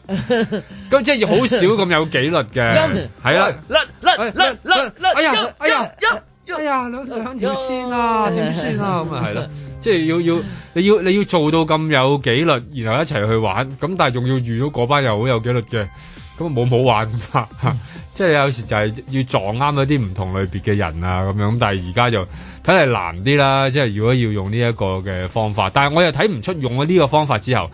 咁即係好少咁有紀律嘅，係啦，唻唻唻唻唻，呀呀呀！哎呀，兩兩條線啦，點算啦咁啊，係啦，即係要要你要你要做到咁有紀律，然後一齊去玩，咁但係仲要遇到嗰班又好有紀律嘅，咁冇冇玩法，即係有時就係要撞啱一啲唔同類別嘅人啊，咁樣。但係而家就睇嚟難啲啦，即係如果要用呢一個嘅方法，但係我又睇唔出用咗呢個方法之後，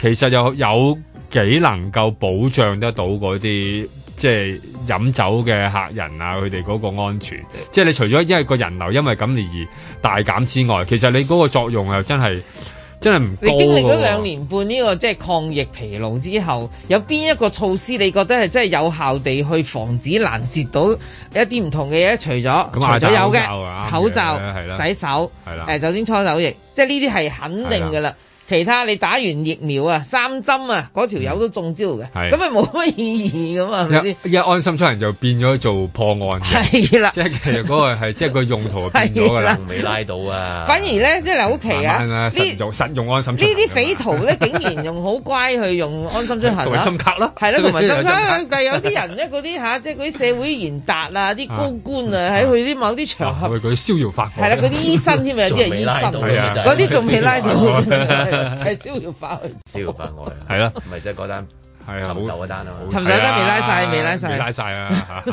其實就有幾能夠保障得到嗰啲。即係飲酒嘅客人啊，佢哋嗰個安全，即係你除咗因為個人流，因為咁而大減之外，其實你嗰個作用又真係真係唔高嘅喎、啊、你經歷咗兩年半呢、呢個即係抗疫疲勞之後，有邊一個措施你覺得係真係有效地去防止攔截到一啲唔同嘅嘢？除咗、嗯、除咗有嘅口罩、洗手、首先了、呃、酒精搓手液，即係呢啲係肯定㗎啦。其他你打完疫苗啊，三針啊，嗰條友都中招嘅，咁咪冇乜意義咁啊？係咪一安心出行就變咗做破案，係啦，即係其實嗰個係即係個用途變咗㗎啦，仲未拉到啊！反而咧即係好奇啊，呢用實用安心出行呢啲匪徒咧竟然用好乖去用安心出行啊，同埋針卡咯，係啦，同埋針卡，但係有啲人咧嗰啲吓，即係嗰啲社會賢達啊，啲高官啊，喺佢啲某啲場合，佢佢逍遙法外，係啦，嗰啲醫生添啊，有啲係醫生，嗰啲仲未拉到。係醫療法去醫療法外係咯，唔係即係嗰單尋仇嗰單啊嘛，尋仇嗰單未拉晒，未拉晒，未拉晒啊！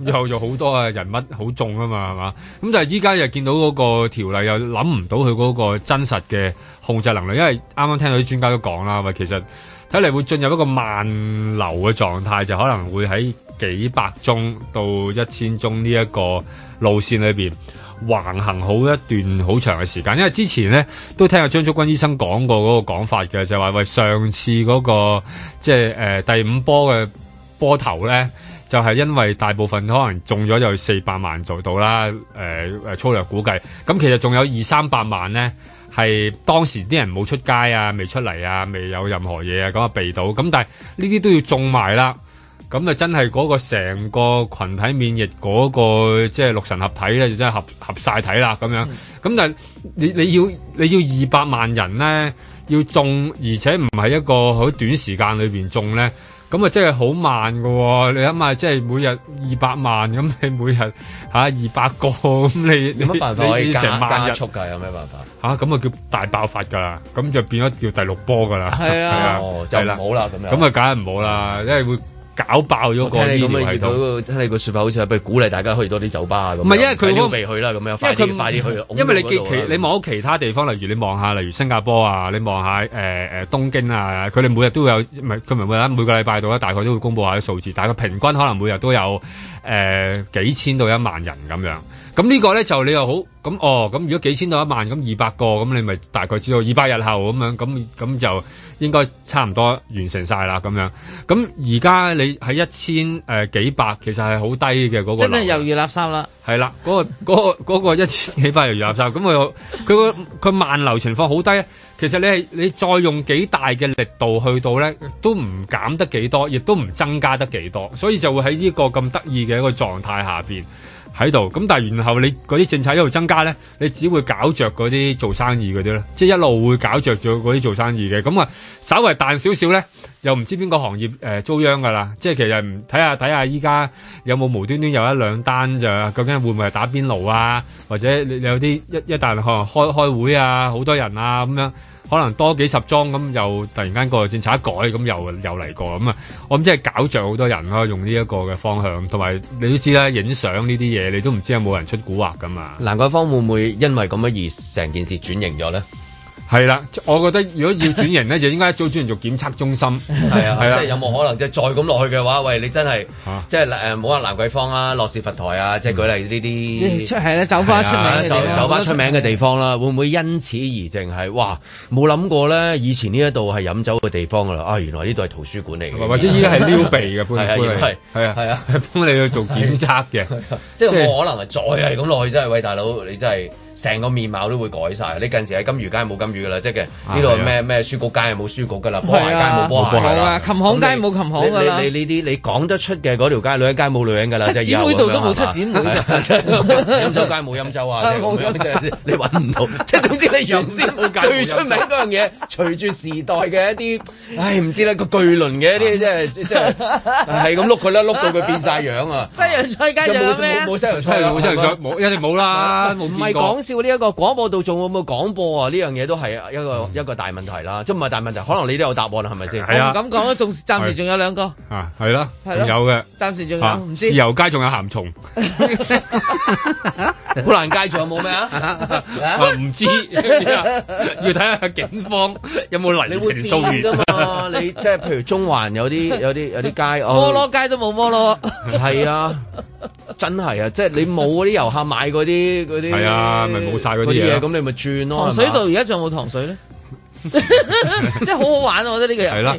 又有好多啊人物好重啊嘛，係嘛？咁但係依家又見到嗰個條例又諗唔到佢嗰個真實嘅控制能力，因為啱啱聽到啲專家都講啦，咪其實睇嚟會進入一個慢流嘅狀態，就可能會喺幾百宗到一千宗呢一個路線裏邊。橫行好一段好長嘅時間，因為之前呢都聽阿張竹君醫生講過嗰個講法嘅，就係話喂上次嗰、那個即係誒、呃、第五波嘅波頭呢，就係、是、因為大部分可能中咗有四百萬做到啦，誒、呃、誒粗略估計，咁其實仲有二三百萬呢，係當時啲人冇出街啊，未出嚟啊，未有任何嘢啊，咁就避到，咁但係呢啲都要中埋啦。咁啊，就真係嗰個成個群體免疫嗰個即係六神合體咧，就真係合合晒體啦，咁樣。咁、嗯、但係你你要你要二百萬人咧，要種而且唔係一個好短時間裏邊種咧，咁啊真係好慢噶、哦。你諗下，即係每日二百萬，咁你每日吓二百個，咁你有乜辦法？你加加速噶，有咩辦法？吓、啊，咁啊叫大爆發噶啦，咁就變咗叫第六波噶啦。係啊，就唔好啦咁樣。咁啊，梗係唔好啦，好嗯、因為會。搞爆咗個系統！我聽你咁樣遇，聽你個説法好似係不如鼓勵大家去多啲酒吧咁。唔係，因為佢都未去啦，咁樣快啲點去，因為你其你望到其他地方，例如你望下，例如新加坡啊，你望下誒誒東京啊，佢哋每日都會有，佢咪會喺每個禮拜度大概都會公布下啲數字，但係平均可能每日都有誒、呃、幾千到一萬人咁樣。咁呢個咧就你又好。咁哦，咁如果幾千到一萬，咁二百個，咁你咪大概知道二百日後咁樣，咁咁就應該差唔多完成晒啦咁樣。咁而家你喺一千誒、呃、幾百，其實係好低嘅嗰、那個。真係猶如垃圾啦！係、那、啦、個，嗰、那個嗰個嗰一千幾百猶如垃圾，咁佢佢個佢慢流情況好低。其實你係你再用幾大嘅力度去到咧，都唔減得幾多，亦都唔增加得幾多，所以就會喺呢個咁得意嘅一個狀態下邊。喺度，咁但係然後你嗰啲政策一路增加咧，你只會搞著嗰啲做生意嗰啲咧，即係一路會搞著咗嗰啲做生意嘅，咁啊稍為彈少少咧，又唔知邊個行業誒遭殃噶啦，即係其實唔睇下睇下依家有冇無端端有一兩單就究竟會唔會係打邊爐啊，或者你，你有啲一一旦可能開開會啊，好多人啊咁樣。可能多幾十張咁，又突然間個政策一改，咁又又嚟過咁啊！我諗即係搞著好多人咯，用呢一個嘅方向，同埋你都知啦，影相呢啲嘢，你都唔知，知有冇人出古惑咁嘛？蘭桂坊會唔會因為咁樣而成件事轉型咗咧？係啦，我覺得如果要轉型咧，就應該早轉做檢測中心。係啊，係啊，即係有冇可能即係再咁落去嘅話，喂，你真係即係冇話蘭桂坊啊、諾士佛台啊，即係舉例呢啲。係啦，走返出名。走返出名嘅地方啦，會唔會因此而淨係哇？冇諗過咧，以前呢一度係飲酒嘅地方噶啦，啊，原來呢度係圖書館嚟嘅，或者依家係撩鼻嘅，配配。係係係啊係啊，幫你去做檢測嘅，即係冇可能再係咁落去，真係喂，大佬你真係。成個面貌都會改晒。你近時喺金魚街冇金魚噶啦，即係呢度咩咩書局街係冇書局噶啦，波鞋街冇波鞋啦，琴行街冇琴行噶啦，你你呢啲你講得出嘅嗰條街女街冇女人噶啦，即係展會度都冇出展會啊，欽州街冇欽州啊，你揾唔到，即係總之你樣先冇揀。最出名嗰樣嘢，隨住時代嘅一啲，唉唔知啦個巨輪嘅一啲，即係即係係咁碌佢啦，碌到佢變晒樣啊！西洋菜街有冇西洋菜？冇西洋菜，冇一定冇啦。唔笑呢一個廣播度仲有冇廣播啊？呢樣嘢都係一個一個大問題啦，即唔係大問題？可能你都有答案啦，係咪先？唔敢講啦，仲暫時仲有兩個啊，係啦，有嘅，暫時仲有，唔知。豉油街仲有鹹蟲，砵蘭街仲有冇咩啊？唔知，要睇下警方有冇嚟權數嘅嘛？你即係譬如中環有啲有啲有啲街，摩羅街都冇摩羅，係啊。真係啊！即係你冇嗰啲遊客買嗰啲嗰啲係啊，咪冇晒嗰啲嘢，咁 你咪轉咯。糖水道而家仲有冇糖水咧？ 即係好好玩啊！ 我覺得呢個係啦，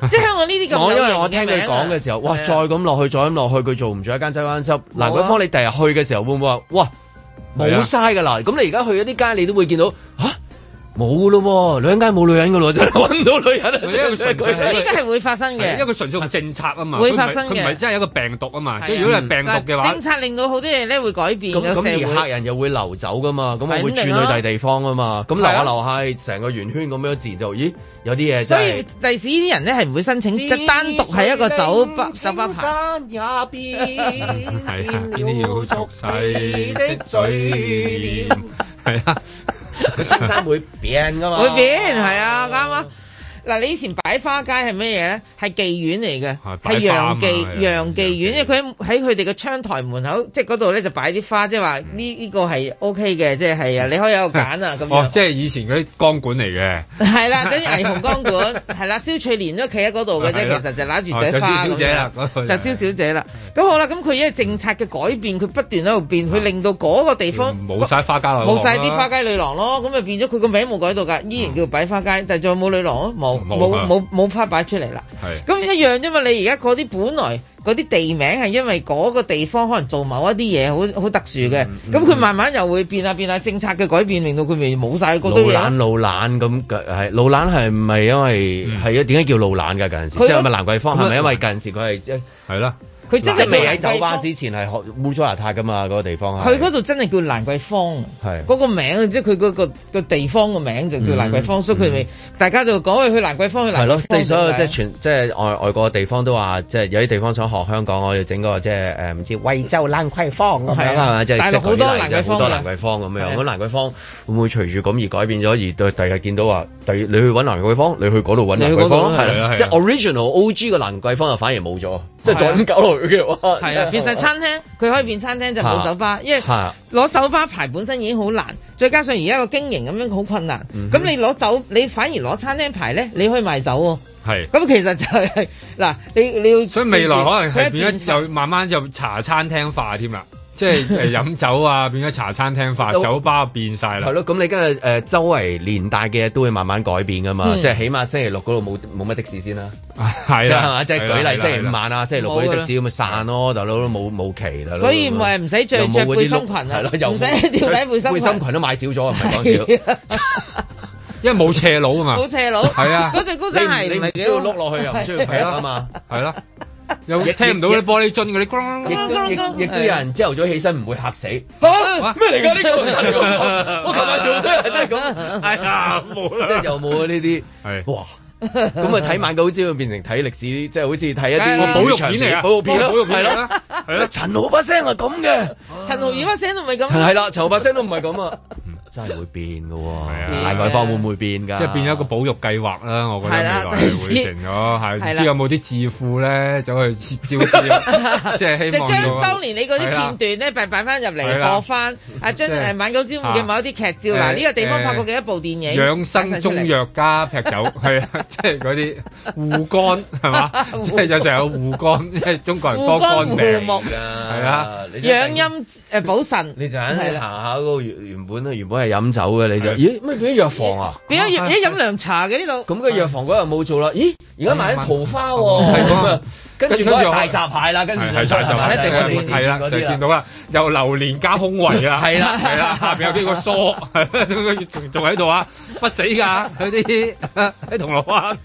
對了 即係香港呢啲咁。我因為我聽佢講嘅時候，對了 哇！再咁落去，再咁落去，佢做唔住一間西灣濕嗱，嗰、啊好啊、方你第日去嘅時候會會，會唔會話哇？冇嘥噶啦！咁是、啊、你而家去一啲街，你都會見到吓。啊冇咯，兩間冇女人噶咯，真揾唔到女人。呢家係會發生嘅，因為佢純粹係政策啊嘛，會發生嘅。唔係真係一個病毒啊嘛。即係如果係病毒嘅話，政策令到好多嘢咧會改變。咁咁而客人又會流走噶嘛，咁我會轉去第地方啊嘛。咁流下流下，成個圓圈咁樣自然就，咦有啲嘢就係。第時啲人咧係唔會申請，就單獨係一個酒吧酒吧牌。係啊，邊啲要足細？你嘴啊。佢真係會變噶嘛？會變，係啊，啱啊。啊剛剛嗱，你以前擺花街係咩嘢咧？係妓院嚟嘅，係洋妓、洋妓院，因為佢喺佢哋嘅窗台門口，即係嗰度咧就擺啲花，即係話呢呢個係 O K 嘅，即係係啊，你可以喺度揀啊咁。哦，即係以前嗰啲光管嚟嘅。係啦，啲霓虹光管係啦，蕭翠蓮都企喺嗰度嘅啫，其實就揦住朵花小姐樣，就蕭小姐啦。咁好啦，咁佢因為政策嘅改變，佢不斷喺度變，佢令到嗰個地方冇晒花街女，冇晒啲花街女郎咯，咁咪變咗佢個名冇改到㗎，依然叫擺花街，但仲有冇女郎啊？冇。冇冇冇拍擺出嚟啦，咁是的 一樣啫嘛。你而家嗰啲本來嗰啲地名係因為嗰個地方可能做某一啲嘢好好特殊嘅，咁佢、嗯嗯嗯、慢慢又會變下變下政策嘅改變，令到佢未冇晒嗰堆老蘭老蘭，咁係老蘭係咪因為係啊，點解叫老蘭㗎近時？即係咪蘭桂坊？係咪因為近時佢係係啦。佢真係未喺酒吧之前係學污糟邋遢㗎嘛？嗰個地方，佢嗰度真係叫蘭桂坊，係嗰個名即係佢嗰個地方個名就叫蘭桂坊，所以佢哋大家就講去去蘭桂坊，去蘭桂係咯，地所有即係全即係外外國嘅地方都話，即係有啲地方想學香港，我哋整個即係誒唔知惠州蘭桂坊咁樣係嘛？即係即係好多蘭桂坊，好多蘭桂坊咁樣。咁蘭桂坊會唔會隨住咁而改變咗？而對第日見到話，對你去揾蘭桂坊，你去嗰度揾蘭桂坊即係 original O G 嘅蘭桂坊就反而冇咗。即係再咁搞落嘅話，係啊！其實、啊、餐廳佢可以變餐廳就冇酒吧，因為攞酒吧牌本身已經好難，再加上而家個經營咁樣好困難。咁、嗯、哼你攞酒，你反而攞餐廳牌咧，你可以賣酒喎、哦。係咁是，其實就係、是、嗱，你你要，所以未來可能係變咗就慢慢就茶餐廳化添啦。即係飲酒啊，變咗茶餐廳化，酒吧變晒啦。係咯，咁你今日誒周圍連帶嘅都會慢慢改變噶嘛？即係起碼星期六嗰度冇冇乜的士先啦。係啊，即係舉例星期五晚啊，星期六嗰啲的士咁咪散咯，大佬都冇冇期啦。所以唔係唔使着背心裙啊，唔使吊底背心裙都買少咗，唔係講笑。因為冇斜佬啊嘛。冇斜佬。係啊，嗰對高踭鞋唔係幾碌落去又唔需要睇啊嘛。係啦。又亦聽唔到嗰啲玻璃樽嗰啲，亦亦都有人朝頭早起身唔會嚇死好，咩嚟㗎呢個？我琴晚做咩係咁？係啊、冇，啦即係又冇呢啲係哇？嘩。咁啊睇晚九朝會變成睇歷史，即係好似睇一啲保育片嚟片，保育片咯，係咯，陳豪把聲係咁嘅，陳豪二把聲都唔係咁，係啦，陳豪把聲都唔係咁啊，真係會變噶，大內幫會唔會變噶？即係變咗一個保育計劃啦，我覺得係啦，成咗係，唔知有冇啲智庫咧走去切招，即係希望。就將當年你嗰啲片段咧擺擺翻入嚟播翻，啊將誒晚九朝嘅某一啲劇照，嗱呢個地方拍過幾部電影，養生中藥加劈酒係啊。 即係嗰啲護肝係嘛，是 即係有時候有護肝，即係中國人多肝病，係吧啊，養陰誒補腎。你就喺行下個原本原本係飲酒嘅你就，咦？咩？佢啲藥房啊？變咗飲飲涼茶嘅呢度？咁嘅藥房嗰日冇做啦。咦？而家買啲桃花喎，啊。 是跟住跟住大閘蟹啦，跟住大閘蟹，一定係冇事嗰到啦。又榴蓮加胸圍啦，係啦係啦，下邊有幾個梳，仲喺度啊，不死噶，嗰啲喺銅鑼灣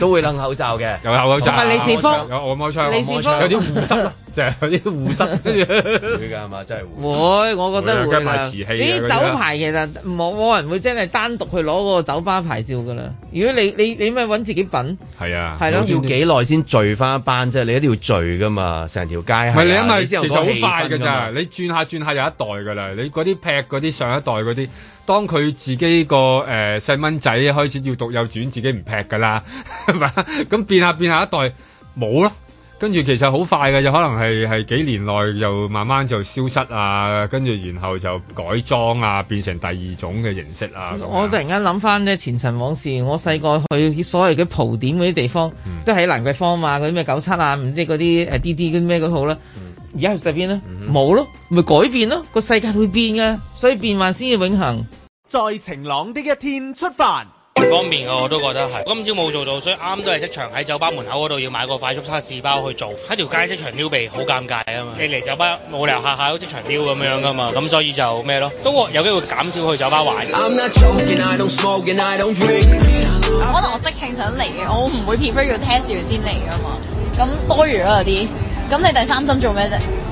都會攬口罩嘅，有口罩？李時芳，有按摩槍，有啲護心。即係嗰啲護身會㗎嘛？真係會， 我覺得會。賣你酒牌其實冇冇 人會真係單獨去攞個酒吧牌照㗎啦。如果你你你咪揾自己笨。係啊。係咯、啊，有要幾耐先聚翻一班啫？你一定要聚㗎嘛，成條街。唔係你係咪其實好快㗎？咋？你轉下轉下又一代㗎啦。你嗰啲劈嗰啲上一代嗰啲，當佢自己個誒、呃、細蚊仔開始要讀幼稚園自己唔劈㗎啦。係嘛？咁變下變下一代冇啦。跟住其實好快嘅，就可能係係幾年內又慢慢就消失啊，跟住然後就改裝啊，變成第二種嘅形式啊。我突然間諗翻呢前塵往事，我細個去所謂嘅蒲點嗰啲地方，都喺、嗯、蘭桂坊啊，嗰啲咩九七啊，唔知嗰啲誒滴滴啲咩都好啦。而家、嗯、去食邊呢，冇、嗯、哼咯，咪改變咯，個世界會變噶，所以變幻先至永恒。在晴朗的一天出發。唔方便嘅我都覺得係，今朝冇做到，所以啱都係即場喺酒吧門口嗰度要買個快速測試包去做，喺條街即場撩鼻好尷尬啊嘛，你嚟酒吧冇理由下下都即場撩咁樣噶嘛，咁所以就咩咯，都有機會減少去酒吧玩。可能我，我即興想嚟嘅，我唔會 prefer 要 test 完先嚟噶嘛，咁多餘啦啲，咁你第三針做咩啫？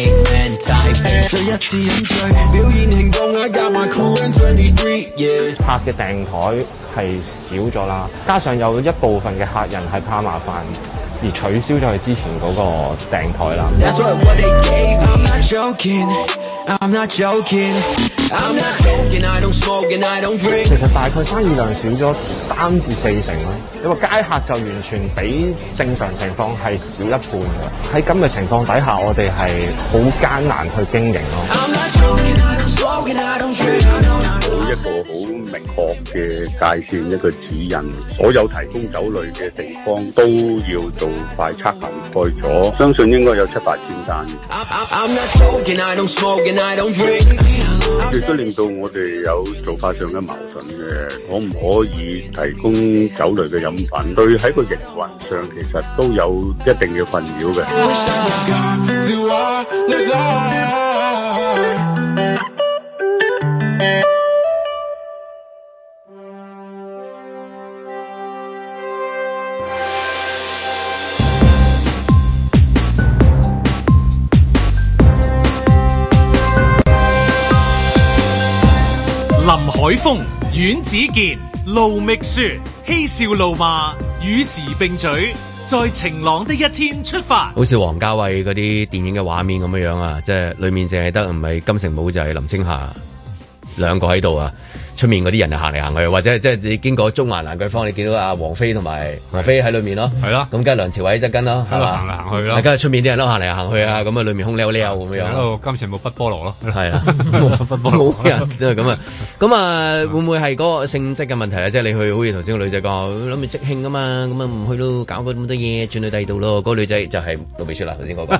客嘅訂台係少咗啦，加上有一部分嘅客人係怕麻煩。而取消咗佢之前嗰個訂台啦。其實大概生意量少咗三至四成囉，因為街客就完全比正常情況係少一半嘅。喺噉嘅情況底下，我哋係好艱難去經營咯。一個好明確嘅界線，一個指引。所有提供酒類嘅地方都要做快測行蓋咗，相信應該有七八千單。亦都令到我哋有做法上嘅矛盾嘅，可唔可以提供酒類嘅飲品？對喺個營運上其實都有一定嘅困擾嘅。海峰、阮子健、盧覓雪、嬉笑怒罵，與時並舉，在晴朗的一天出發，好似王家衛嗰啲電影嘅畫面咁樣樣啊！即係裏面淨係得唔係金城武就係、是、林青霞兩個喺度啊！出面嗰啲人就行嚟行去，或者即係你經過中環蘭桂坊，你見到阿王菲同埋王菲喺裏面咯，係咯，咁跟阿梁朝偉執跟咯，係嘛，跟住出面啲人都行嚟行去啊，咁啊裏面空溜溜咁樣，今次冇筆菠蘿咯，係啦，冇人都係咁啊，咁啊會唔會係嗰個性質嘅問題？即係你去好似頭先個女仔講，諗住即興啊嘛，咁啊唔去都搞嗰咁多嘢，轉去第二度咯。嗰個女仔就係露面出啦，頭先嗰個。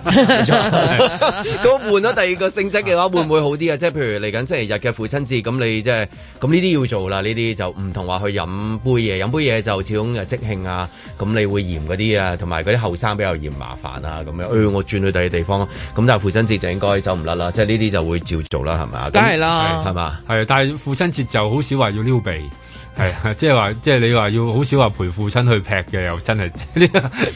咁換咗第二個性質嘅話，會唔會好啲啊？即係譬如嚟緊星期日嘅父親節，咁你即係咁。呢啲要做啦，呢啲就唔同話去飲杯嘢，飲杯嘢就始終係即興啊，咁你會嫌嗰啲啊，同埋嗰啲後生比較嫌麻煩啊，咁樣，哎、我轉去第二地方，咁但係父親節就應該走唔甩啦，即係呢啲就會照做啦，係咪？梗係啦，係嘛？係，但係父親節就好少話要撩鼻，係，即係話，即係你話要好少話陪父親去劈嘅，又真係，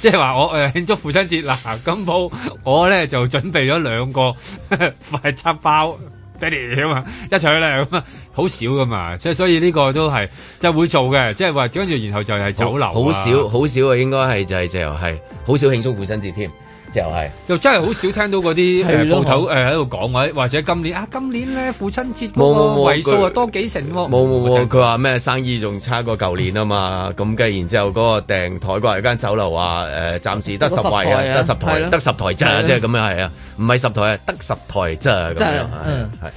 即係話我誒慶、呃、祝父親節啦，咁好，我咧就準備咗兩個快餐 包。爹哋啊，一齊去咧咁啊，好少噶嘛，即係所以呢個都係即係會做嘅。即係話跟住然後就係酒樓，啊，好少好少啊，應該係就係、係、就係、係，好少慶祝父親節添。又係，又真係好少聽到嗰啲鋪頭誒喺度講啊，或者今年啊，今年咧父親節個位數啊多幾成喎。冇冇冇，佢話咩生意仲差過舊年啊嘛？咁嘅，然之後嗰個訂台嗰間酒樓啊，誒，暫時得十台，得十台，得十台咋，即係咁樣係啊，唔係十台啊，得十台咋。就係，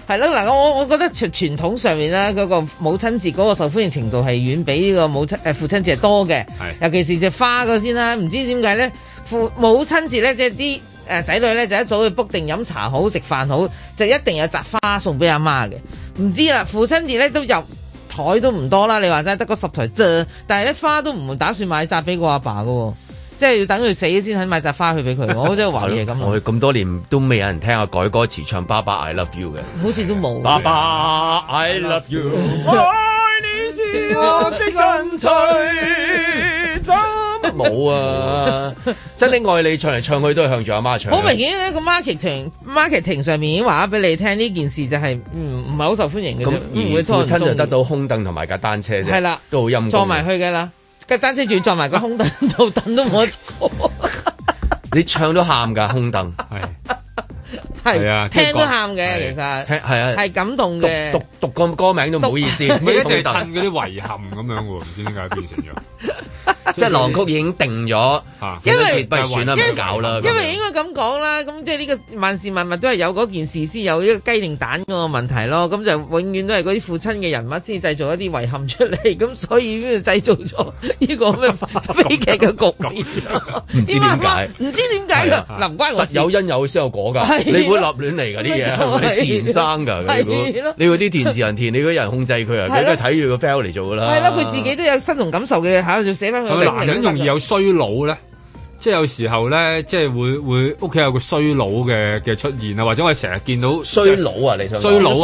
係啦，嗱，我我我覺得傳統上面咧，嗰個母親節嗰個受歡迎程度係遠比呢個母親父親節多嘅，尤其是只花嗰先啦，唔知點解咧。父母親節咧，即係啲誒仔女咧，就一早去 book 定飲茶好食飯好，就一定有扎花送俾阿媽嘅。唔知啦，父親節咧都入台都唔多啦，你話真係得個十台啫。但係呢，花都唔打算買扎俾個阿爸喎，即係要等佢死先肯買扎花去俾佢。我真係話嘢咁。 我哋咁多年都未有人聽過改歌詞唱《爸爸 I love you》嘅，好似都冇。爸爸 I love you，我 愛你是我的興趣。 冇啊！真的愛你唱嚟唱去都係向住阿媽唱。好明顯咧，個 marketing marketing 上面已經話俾你聽呢件事就係唔唔係好受歡迎嘅啫，唔會拖到。父親就得到空凳同埋架單車啫，係啦，都好陰。坐埋去嘅啦，架單車仲要坐埋個空凳，到凳都冇。你唱都喊噶空凳，係係啊，聽都喊嘅，其實係啊，係感動嘅，讀讀個歌名都唔好意思。咩地帶？趁嗰啲遺憾咁樣噶，唔知點解變成咗。 即係狼曲已經定咗。因為因為應該咁講啦，咁即係呢個萬事萬物都係有嗰件事先有呢個雞定蛋個問題咯，咁就永遠都係嗰啲父親嘅人物先製造一啲遺憾出嚟，咁所以製造咗呢個咩悲劇嘅局面，唔知點解，唔知點解啊，關實有因有先有果噶，你會立亂嚟噶啲嘢，係自然生噶，係咯，你嗰啲田自人、田，你嗰人控制佢啊，你都睇住個票嚟做噶啦，係咯，佢自己都有身同感受嘅就寫翻佢男人容易有衰老咧。即係有時候咧，即係會會屋企有個衰佬嘅嘅出現啊，或者我成日見到衰佬啊，你衰佬啊，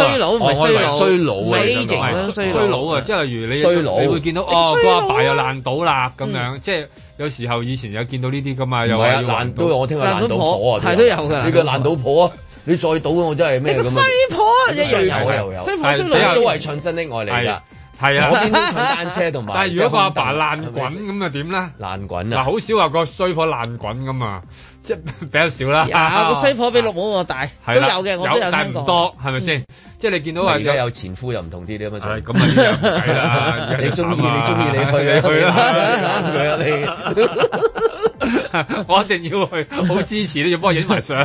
衰佬衰佬，畸衰佬啊，即係例如你，衰佬？你會見到哦，個阿爸又爛賭啦咁樣，即係有時候以前有見到呢啲咁啊，又話爛賭我聽話爛賭婆啊，係都有噶，你個爛賭婆啊，你再賭我真係咩咁啊？衰婆一樣有衰有，但係都係純真啲愛嚟啦。係啊，我見都踩單車同埋。但係如果個阿爸爛滾咁啊點咧？爛滾啊！嗱，好少話個衰婆爛滾噶嘛，即係比較少啦。啊，個衰婆比綠帽我大，都有嘅，我都有。但唔多，係咪先？即係你見到話有前夫又唔同啲啲咁啊？係咁啊，係啦。你中意你中意你去你去啦，我一定要去，好支持你，要幫我影埋相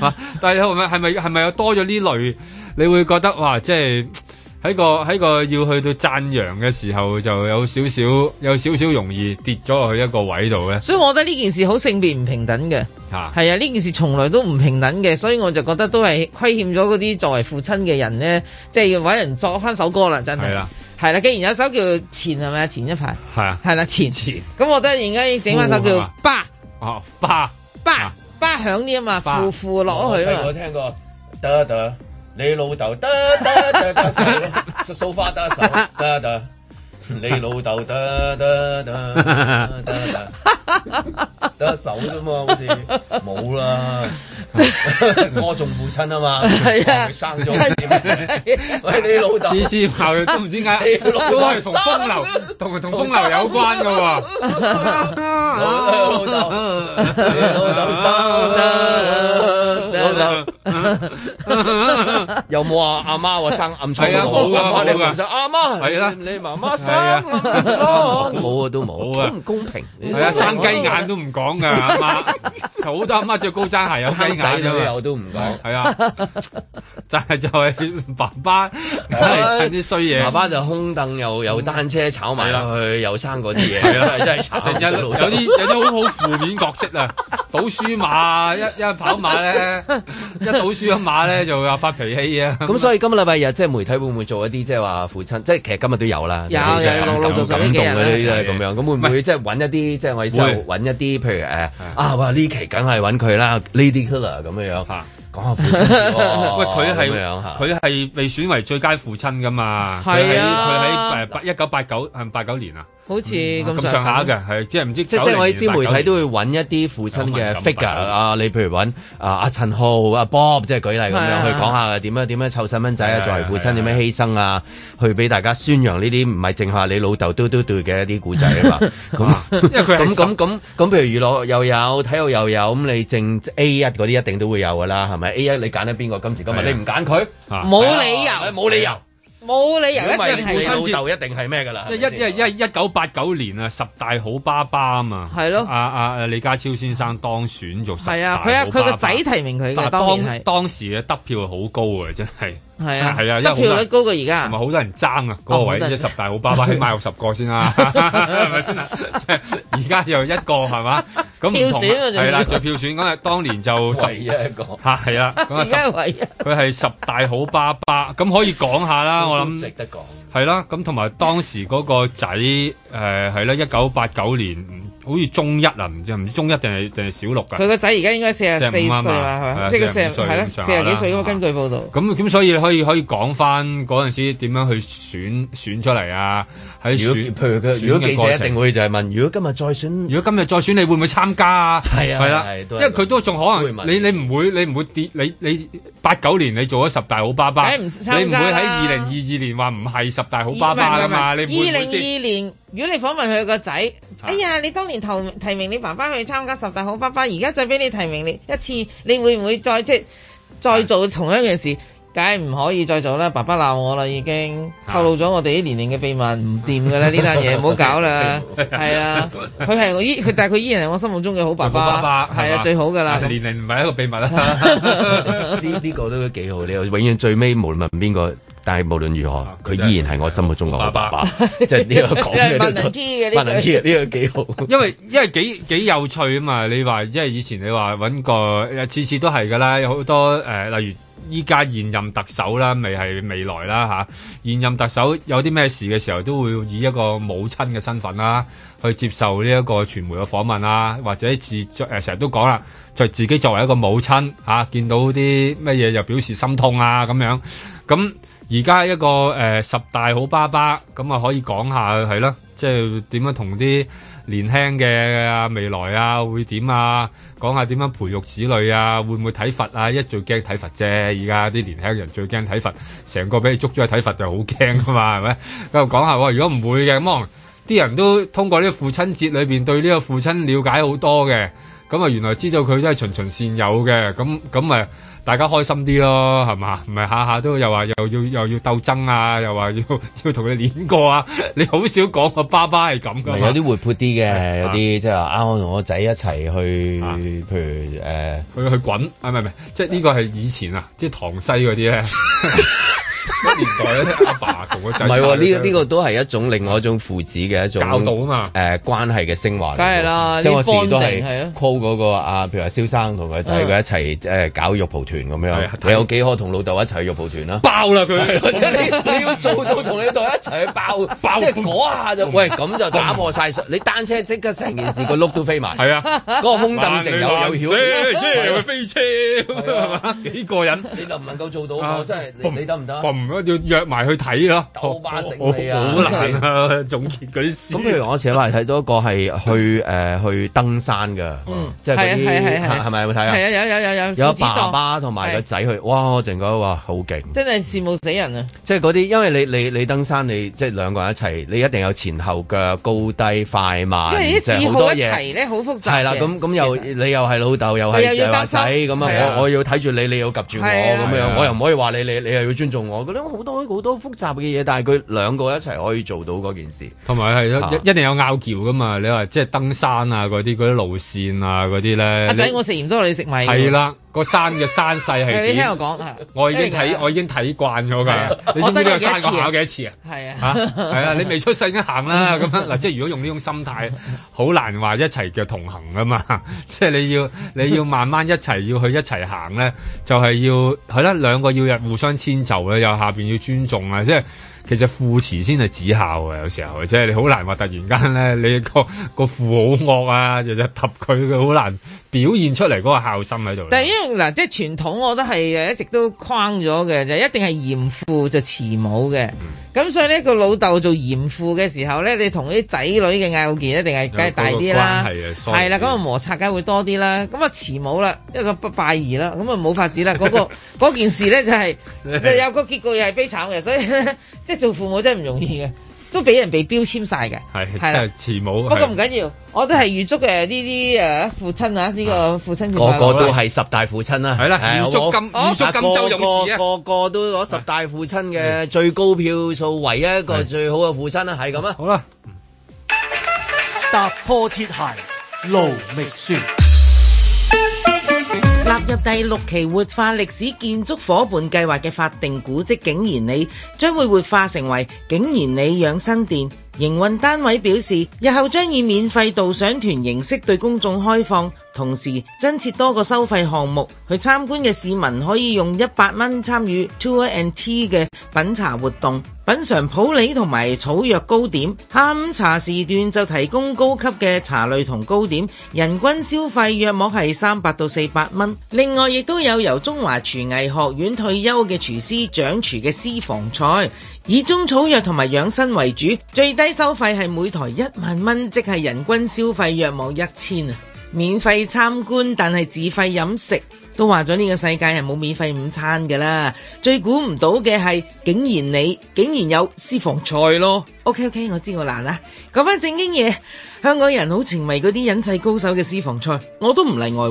啊！但係係咪係咪係咪有多咗呢類？你會覺得哇，即係～喺個喺個要去到讚揚嘅時候，就有少少有少少容易跌咗落去一個位度咧。所以我覺得呢件事好性別唔平等嘅。吓，係啊，呢件事從來都唔平等嘅，所以我就覺得都係虧欠咗嗰啲作為父親嘅人咧，即係要搵人作翻首歌啦，真係。係啦，係啦，既然有首叫前係咪啊？前一排係啊，係啦，前前。咁我覺得而家整翻首叫巴。哦，巴。巴，巴響啲啊嘛，父父落去啊嘛。細個聽過，得一你老豆得得得得手，掃花得手得得，你老豆得得得得得得得手啫嘛，好似冇啦，歌頌父親啊嘛，係啊，生咗，係你老豆，次次鬧都唔知點解，老係同風流，同同風流有關嘅喎，你老豆生得。有冇阿阿媽生暗瘡？冇噶，你唔使阿媽，係啦，你媽媽生暗冇啊，都冇啊，唔公平。係啊，生雞眼都唔講噶，阿媽好多阿媽着高踭鞋有雞眼都有都唔講。係啊，但係就係爸爸係啲衰嘢，爸爸就空凳又有單車炒埋去，又生嗰啲嘢，真係慘，一路有啲有啲好好負面角色啊，賭輸馬一一跑馬咧。一賭輸一馬咧，就會有發脾氣啊！咁所以今日禮拜日即係媒體會唔會做一啲即係話父親，即係其實今日都有啦，有有感動嗰啲咧咁樣，咁會唔會即係搵一啲即係我意思，搵一啲譬如誒啊，哇呢期梗係搵佢啦，Ladykiller 咁樣樣，講下父親。喂，佢係佢係被選為最佳父親噶嘛？係啊，佢喺，佢喺八一九八九係八九年啊？好似咁上下嘅，係即係唔知即即我意思，媒體都會揾一啲父親嘅 figure 啊，你譬如揾阿陳浩啊 Bob，即係舉例咁樣去講下嘅點樣點樣湊細蚊仔啊，作為父親點樣犧牲啊，去俾大家宣揚呢啲唔係淨係你老豆嘟嘟對嘅一啲古仔啊嘛。咁咁咁咁，譬如娛樂又有，體育又有，咁你剩 A 一嗰啲一定都會有噶啦，係咪 A 一你揀咗邊個今時今日你唔揀佢，冇理由，冇理由。冇理由一定係老豆一定係咩噶啦？即一一一一九八九年啊，十大好爸爸啊嘛，係咯，啊啊李家超先生當選做十大好爸爸，係啊，佢啊佢個仔提名佢嘅當，當時嘅得票好高啊，真係係啊係啊，得票率高過而家，唔係好多人爭啊，嗰個位即十大好爸爸起碼有十個先啦，係咪先啊？而家又一個係嘛？咁票選係啦，就票選，咁啊當年就十二個吓，係啦，佢係十,十大好爸爸，咁 可以講下啦，我諗值得講係啦，咁同埋當時嗰個仔，誒係啦，一九八九年，好似中一啊，唔知唔知中一定係定係小六噶。佢個仔而家應該四十四歲啊，係嘛，的即係四係啦，歲的四十幾歲，咁根據報道。咁咁所以可以可以講翻嗰陣時點樣去選選出嚟啊？喺譬如如果記者一定會就係問，如果今日再選，如果今日再選，你會唔會參加啊？係啊，係啦，因為佢都仲可能會問，你你唔會，你唔會跌，你你八九年你做咗十大好爸爸，你唔會喺二零二二年話唔係十大好爸爸噶嘛？你二零二年，如果你訪問佢個仔，哎呀，你當年投提名你爸爸去參加十大好爸爸，而家再俾你提名你一次，你會唔會再即再做同樣嘅事？梗係唔可以再做啦！爸爸鬧我啦，已經透露咗我哋啲年齡嘅秘密唔掂㗎啦，呢單嘢唔好搞啦，係啊！佢係我依佢，但係佢依然係我心目中嘅好爸爸，係啊，最好噶啦！年齡唔係一個秘密啦！呢呢個都幾好，你永遠最尾無論問邊個，但係無論如何，佢依然係我心目中嘅好爸爸，就係呢個講嘅。萬能 key，萬能 key，呢個幾好，因為因為幾幾有趣啊嘛！你話因為以前你話揾個，次次都係噶啦，有好多誒，例如。依家現，現任特首啦，未係未來啦嚇。現任特首有啲咩事嘅時候，都會以一個母親嘅身份啦，去接受呢一個傳媒嘅訪問啊，或者自作、呃、成日都講啦，就自己作為一個母親嚇、啊，見到啲乜嘢又表示心痛啊咁樣。咁而家一個、呃、十大好爸爸咁啊，就可以講下係咯，即係點樣同啲？年輕嘅未來啊，會點啊？講下點樣培育子女啊？會唔會體罰啊？一最驚體罰啫！而家啲年輕人最驚體罰，成個俾你捉咗去體罰就好驚噶嘛，係咪？咁又講下喎，如果唔會嘅咁，啲人都通過呢個父親節裏面對呢個父親了解好多嘅。咁啊，原來知道佢都係循循善誘嘅，咁咁咪大家開心啲咯，係嘛？唔係下下都又話又要又要鬥爭啊，又話要要同你練過啊，你好少講個爸爸係咁噶，有啲活潑啲嘅，啊、有啲即係啱我同我仔一齊去，啊、譬如誒、呃、去去滾係唔係唔係啊，唔唔即係呢個係以前啊，即係唐西嗰啲咧。 年代阿爸同佢仔唔係喎，呢個呢個都係一種另外一種父子嘅一種教啊誒關係嘅升華。梗係啦，即我時都係 call 嗰個啊，譬如阿蕭生同佢仔佢一齊誒搞玉蒲團咁樣，你有幾可同老豆一齊去玉蒲團啦？爆啦佢，你要做到同你老豆一齊去爆，即係嗰下就喂咁就打破晒相，你單車即刻成件事個碌都飛埋，係啊，個空凳靜有有巧，即係飛車，幾個人！你能唔能夠做到，我真係，你得唔得？唔要約埋去睇咯，好難啊！總結嗰啲書咁譬如我前一排睇到一個係去誒去登山嘅，即係嗰啲係咪有冇睇啊？係有有有有有爸爸同埋個仔去，哇！我覺得哇好勁，真係羨慕死人啊！即係嗰啲，因為你你你登山你即係兩個人一齊，你一定有前後腳高低快慢，因為啲事好多嘢好複雜。係啦，咁咁又你又係老豆又係又係仔咁啊！我我要睇住你，你要及住我咁樣，我又唔可以話你你你又要尊重我。嗰好多好多複雜嘅嘢，但係佢兩個一齊可以做到嗰件事，同埋係一、啊、一定有拗撬㗎嘛？你話即係登山啊，嗰啲嗰啲路線啊呢，嗰啲咧，阿仔你我食唔多，你食米？個山嘅山勢係點？你聽我講我已經睇，的我已經睇的慣咗㗎。的你知唔知呢個山個考幾多次啊？係的啊，啊，你未出世已經行啦。咁樣嗱， 即係如果用呢種心態，好難話一齊嘅同行㗎嘛。即係你要，你要慢慢一齊要去一齊行咧，就係、是、要係啦，兩個要互相遷就咧，又下面要尊重啊，即其實父慈先係子孝啊，有時候即係你好難話突然間咧，你個個父好惡啊，就就揼佢，佢好難表現出嚟嗰個孝心喺度。但係因為嗱，即係傳統，我都係誒，一直都框咗嘅，就是、一定係嚴父就慈母嘅。嗯咁所以呢個老豆做嚴父嘅時候咧，你同啲仔女嘅拗件一定係梗係大啲啦，係、那個、啦，咁啊摩擦梗會多啲啦。咁啊，慈母啦，一個不敗兒啦，咁啊冇法子啦。嗰、那個嗰 件事咧就係，就係就係、有個結局又係悲慘嘅，所以咧，即 係做父母真係唔容易嘅。都俾人被標籤晒嘅，係係啊慈母，不過唔緊要，我都係預祝嘅。呢啲誒父親啊，呢個父親節，個個都係十大父親啊，係啦，預祝金預祝金州勇士個個都攞十大父親嘅最高票數，唯一一個最好嘅父親啊，係咁啊，好啦，踏破鐵鞋無覓處。入第六期活化歷史建築伙伴計劃嘅法定古蹟景賢里，將會活化成為景賢里養生殿。營運單位表示，日後將以免費導賞團形式對公眾開放，同時增設多個收費項目。去參觀嘅市民可以用一百蚊參與 tour and tea 嘅品茶活動。品嘗普洱同埋草藥糕點，下午茶時段就提供高級嘅茶類同糕點，人均消費約莫係三百到四百蚊。另外，亦都有由中華廚藝學院退休嘅廚師掌廚嘅私房菜，以中草藥同埋養生為主，最低收費係每台一萬蚊，即係人均消費約莫一千。免費參觀，但係自費飲食。都話咗呢個世界係冇免費午餐㗎啦，最估唔到嘅係，竟然你竟然有私房菜咯。OK OK，我知道我難啦。講翻正經嘢，香港人好情迷嗰啲隱世高手嘅私房菜，我都唔例外。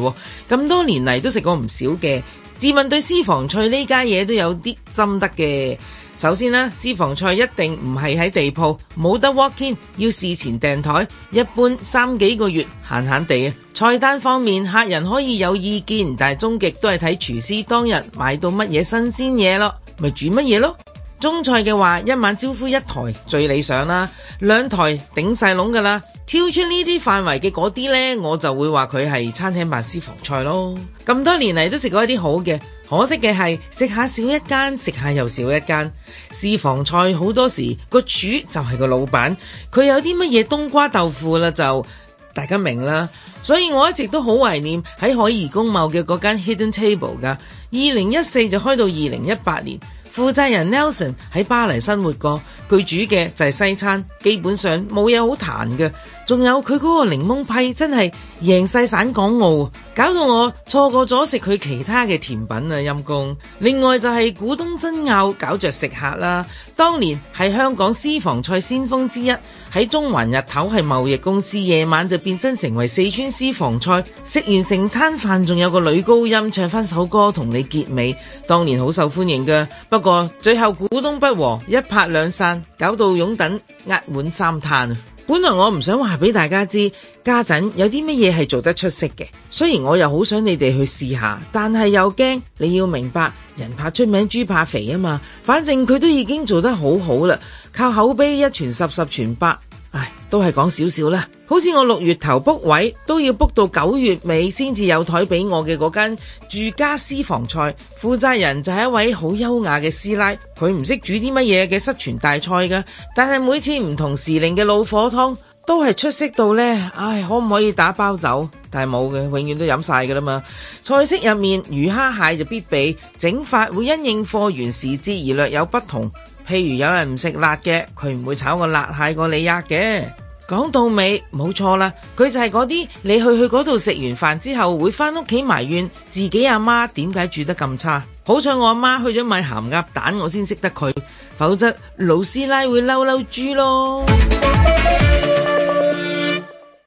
咁多年嚟都食過唔少嘅，自問對私房菜呢家嘢都有啲心得嘅。首先啦，私房菜一定唔係喺地鋪，冇得 walk in，要事前訂台，一般三幾個月閒閒地啊。菜單方面，客人可以有意見，但係終極都係睇廚師當日買到乜嘢新鮮嘢咯，咪煮乜嘢咯。中菜嘅話，一晚招呼一台最理想啦，兩台頂晒籠㗎啦。超出呢啲範圍嘅嗰啲咧，我就會話佢係餐廳辦私房菜咯。咁多年嚟都食過一啲好嘅。可惜嘅係食下少一間，食下又少一間。私房菜好多時個廚就係個老闆，佢有啲乜嘢冬瓜豆腐啦，就大家明啦。所以我一直都好懷念喺海怡公貿嘅嗰間 Hidden Table 噶。二零一四就開到二零一八年，負責人 Nelson 喺巴黎生活過，佢煮嘅就係西餐，基本上冇嘢好彈嘅。仲有佢嗰個檸檬批真係贏晒散港澳，搞到我錯過咗食佢其他嘅甜品啊！陰公。另外就係股東爭拗搞着食客啦。當年係香港私房菜先鋒之一，喺中環日頭係貿易公司，夜晚就變身成為四川私房菜。食完成餐飯仲有個女高音唱翻首歌同你結尾。當年好受歡迎噶，不過最後股東不和，一拍兩散，搞到擁躉壓滿三嘆。本來我唔想話俾大家知家陣有啲乜嘢係做得出色嘅，雖然我又好想你哋去試一下，但係又驚，你要明白人怕出名豬怕肥啊嘛，反正佢都已經做得好好啦，靠口碑一傳十十傳百。都係講少少啦，好似我六月頭 book 位，都要 book 到九月尾先至有台俾我嘅，嗰間住家私房菜，負責人就係一位好優雅嘅師奶，佢唔識煮啲乜嘢嘅失傳大菜噶，但係每次唔同時令嘅老火湯都係出色到呢。唉，可唔可以打包走？但係冇嘅，永遠都飲晒噶啦嘛。菜式入面，魚蝦蟹就必備，整法會因應貨源時節而略有不同。譬如有人唔食辣嘅，佢唔會炒個辣蟹過你吔嘅。講到尾冇錯啦，佢就係嗰啲你去去嗰度食完飯之後會返屋企埋怨自己阿媽點解煮得咁差。好彩我阿媽去咗買鹹鴨蛋，我先識得佢，否則老師奶會嬲嬲豬咯。